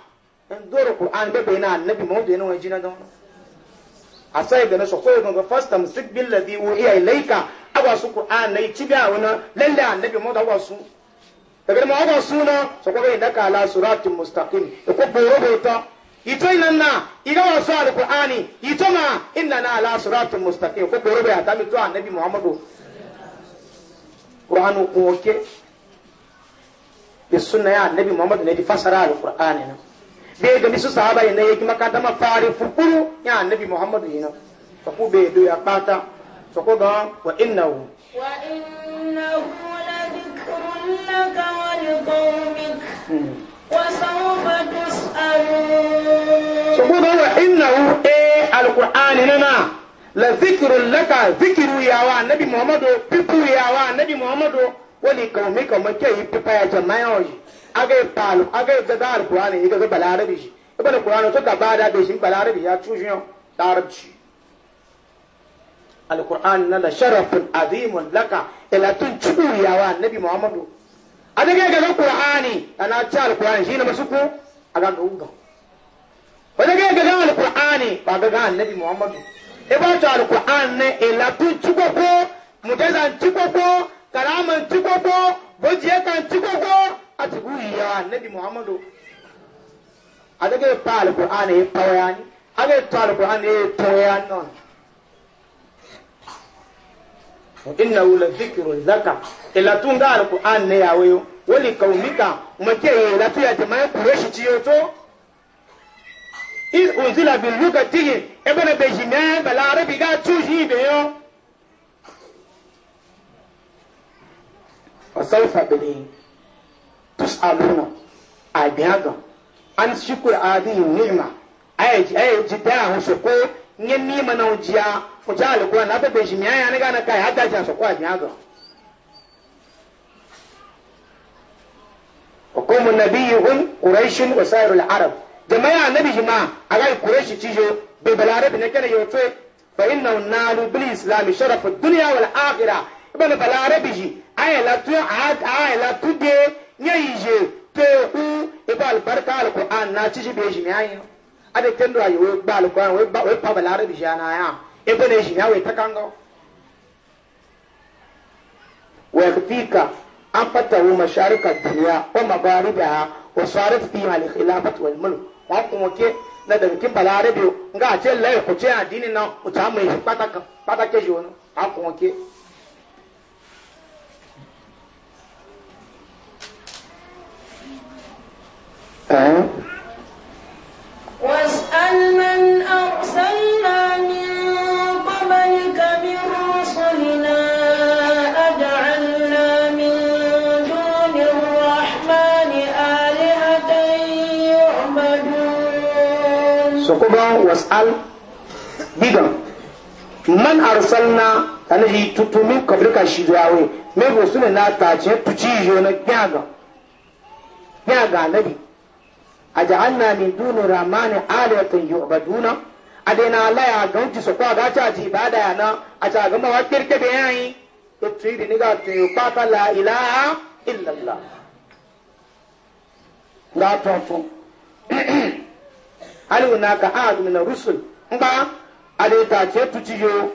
nyen duro qur'an be be na annabi jina da na so ko ga first time sik iya yi abasu qur'an nay tibiya a lalle annabi daga ma ga suna so ko da kala suratul mustaqim ko boro bota ito ina na ina wa su alqur'ani ito ma inna na ala suratul mustaqim ko boro bai ta to annabi muhammadu qur'anu ko ke bi sunna ya annabi muhammadu ne di fasara alqur'ani na bai ga misu sahaba ne yake makata ma fari fukuru ya annabi muhammadu ina ko bai do ya pata so ko ga wa innahu wa innahu لك ولقومك hmm. وسوف تسألون سبحانه وإنه إيه القرآن لنا لذكر لك ذكر يا نبي محمد بيبو يا نبي محمد ولقومك مكي بيبا يا agai palu agai da dar qur'ani iga ga balarabi shi ibn qur'ani to ka bada be shi balarabi ya tushiyo darabci alquran na la sharafun azimun laka ila tun cibiyawa annabi muhammadu adage ga na qur'ani ana ta alqur'ani shine ba suku aga da uga adage ga na alqur'ani ba ga ga annabi muhammadu e ba ta alqur'an ne ila tun cikoko mutazan cikoko karaman cikoko bojiye kan cikoko atibu ya annabi muhammadu adage pa alqur'ani e tawayani aga ta alqur'ani e tawayani non innahu la dhikrun ilatun da alquran ne yawo yo wali kaumika make yi latu ya jama'a kureshi ci yo to in unzila bil lugatihi ebana be jina bala arabi ga tuji be yo fasaufa bini tus'aluna a biyaga an shukur adihi ni'ma ayaji ayaji da hu so ko nyen ni mana ujiya na be jimiya ya ne ga na a biyaga وقوم نبيهم قريش وسائر العرب جماعة النبي جماعة على قريش تيجو ببلارب نكنا يوتوي فإنه نالوا بالإسلام شرف الدنيا والآخرة ibana balarabi yi aya la tu aya la tu de nye yije to ku iba albarka alquran na ci ji beji mi ayin ade kendo ayi we gba alquran we ba we pa balarabi ji ana ya ibana ji ya we takango wa yakfika an afatawo masharikar duniya wa magariba wa sarif fi hal khilafat wal mulk wa kuma ke na da kin balare biyo nga a ce lai ku ce addini na ku ta mai pataka pataka ji no a kuma ke eh was'al man arsalna soko gan was'al bigan man arsalna anahi tutumi kabrika shidawe me go sune na ta ce tuci yo na gyaga gyaga nabi aj'alna min duni rahmani alatan yu'baduna adena la ya gan ti soko ga ta ti ibada ya na a ta ga ma wa kirke be yayi to tri ni ga te pata la ilaha illa ga to to hal hunaka ahad min ar-rusul mba ade ta ce tuciyo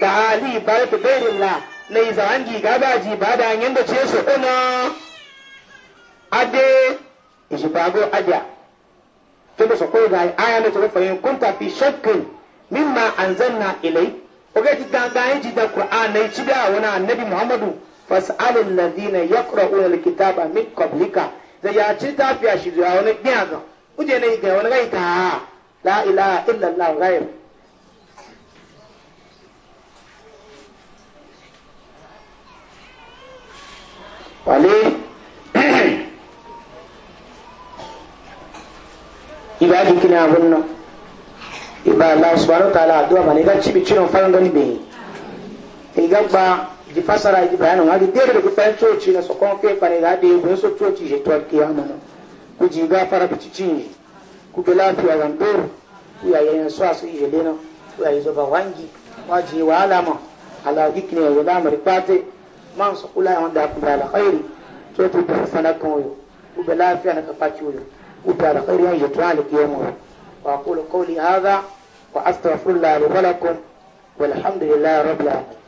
da ali baratu ghairillah na izangi gabaji ba da yanda ce su kuna ade ijibago adia tunda su koyi ga aya na tsoro fayin kunta fi shakkin mimma anzalna ilai oge ti ganga yin ji da qur'an na ci da wani annabi muhammadu fas'al alladhina yaqra'una alkitaba min qablika da ya ci tafiya shi da wani ga. kuje ne ga wani gai ka la ilaha illallah gai wale iba jikin abun nan iba Allah subhanahu ta'ala addu'a mane ga cibi cinon farin gani be iga ba di fasara di bayanin hadi dere da ku fahimci na sokon fe fare ga de ku so toci je to kiyama nan ku ji gafara ku ci cinye ku bi lafiya wando ku ya yin su su iya lena ku ya zuba wangi wa ji wa alama ala gikne wa da mar kwate man su kula yawan da ku da alkhairi to to da sanakan wuyo ku bi lafiya na ki wuyo ku da alkhairi yawan ya tuwa alkiyama wa kula qawli haza wa astaghfirullah li wa walhamdulillah والحمد لله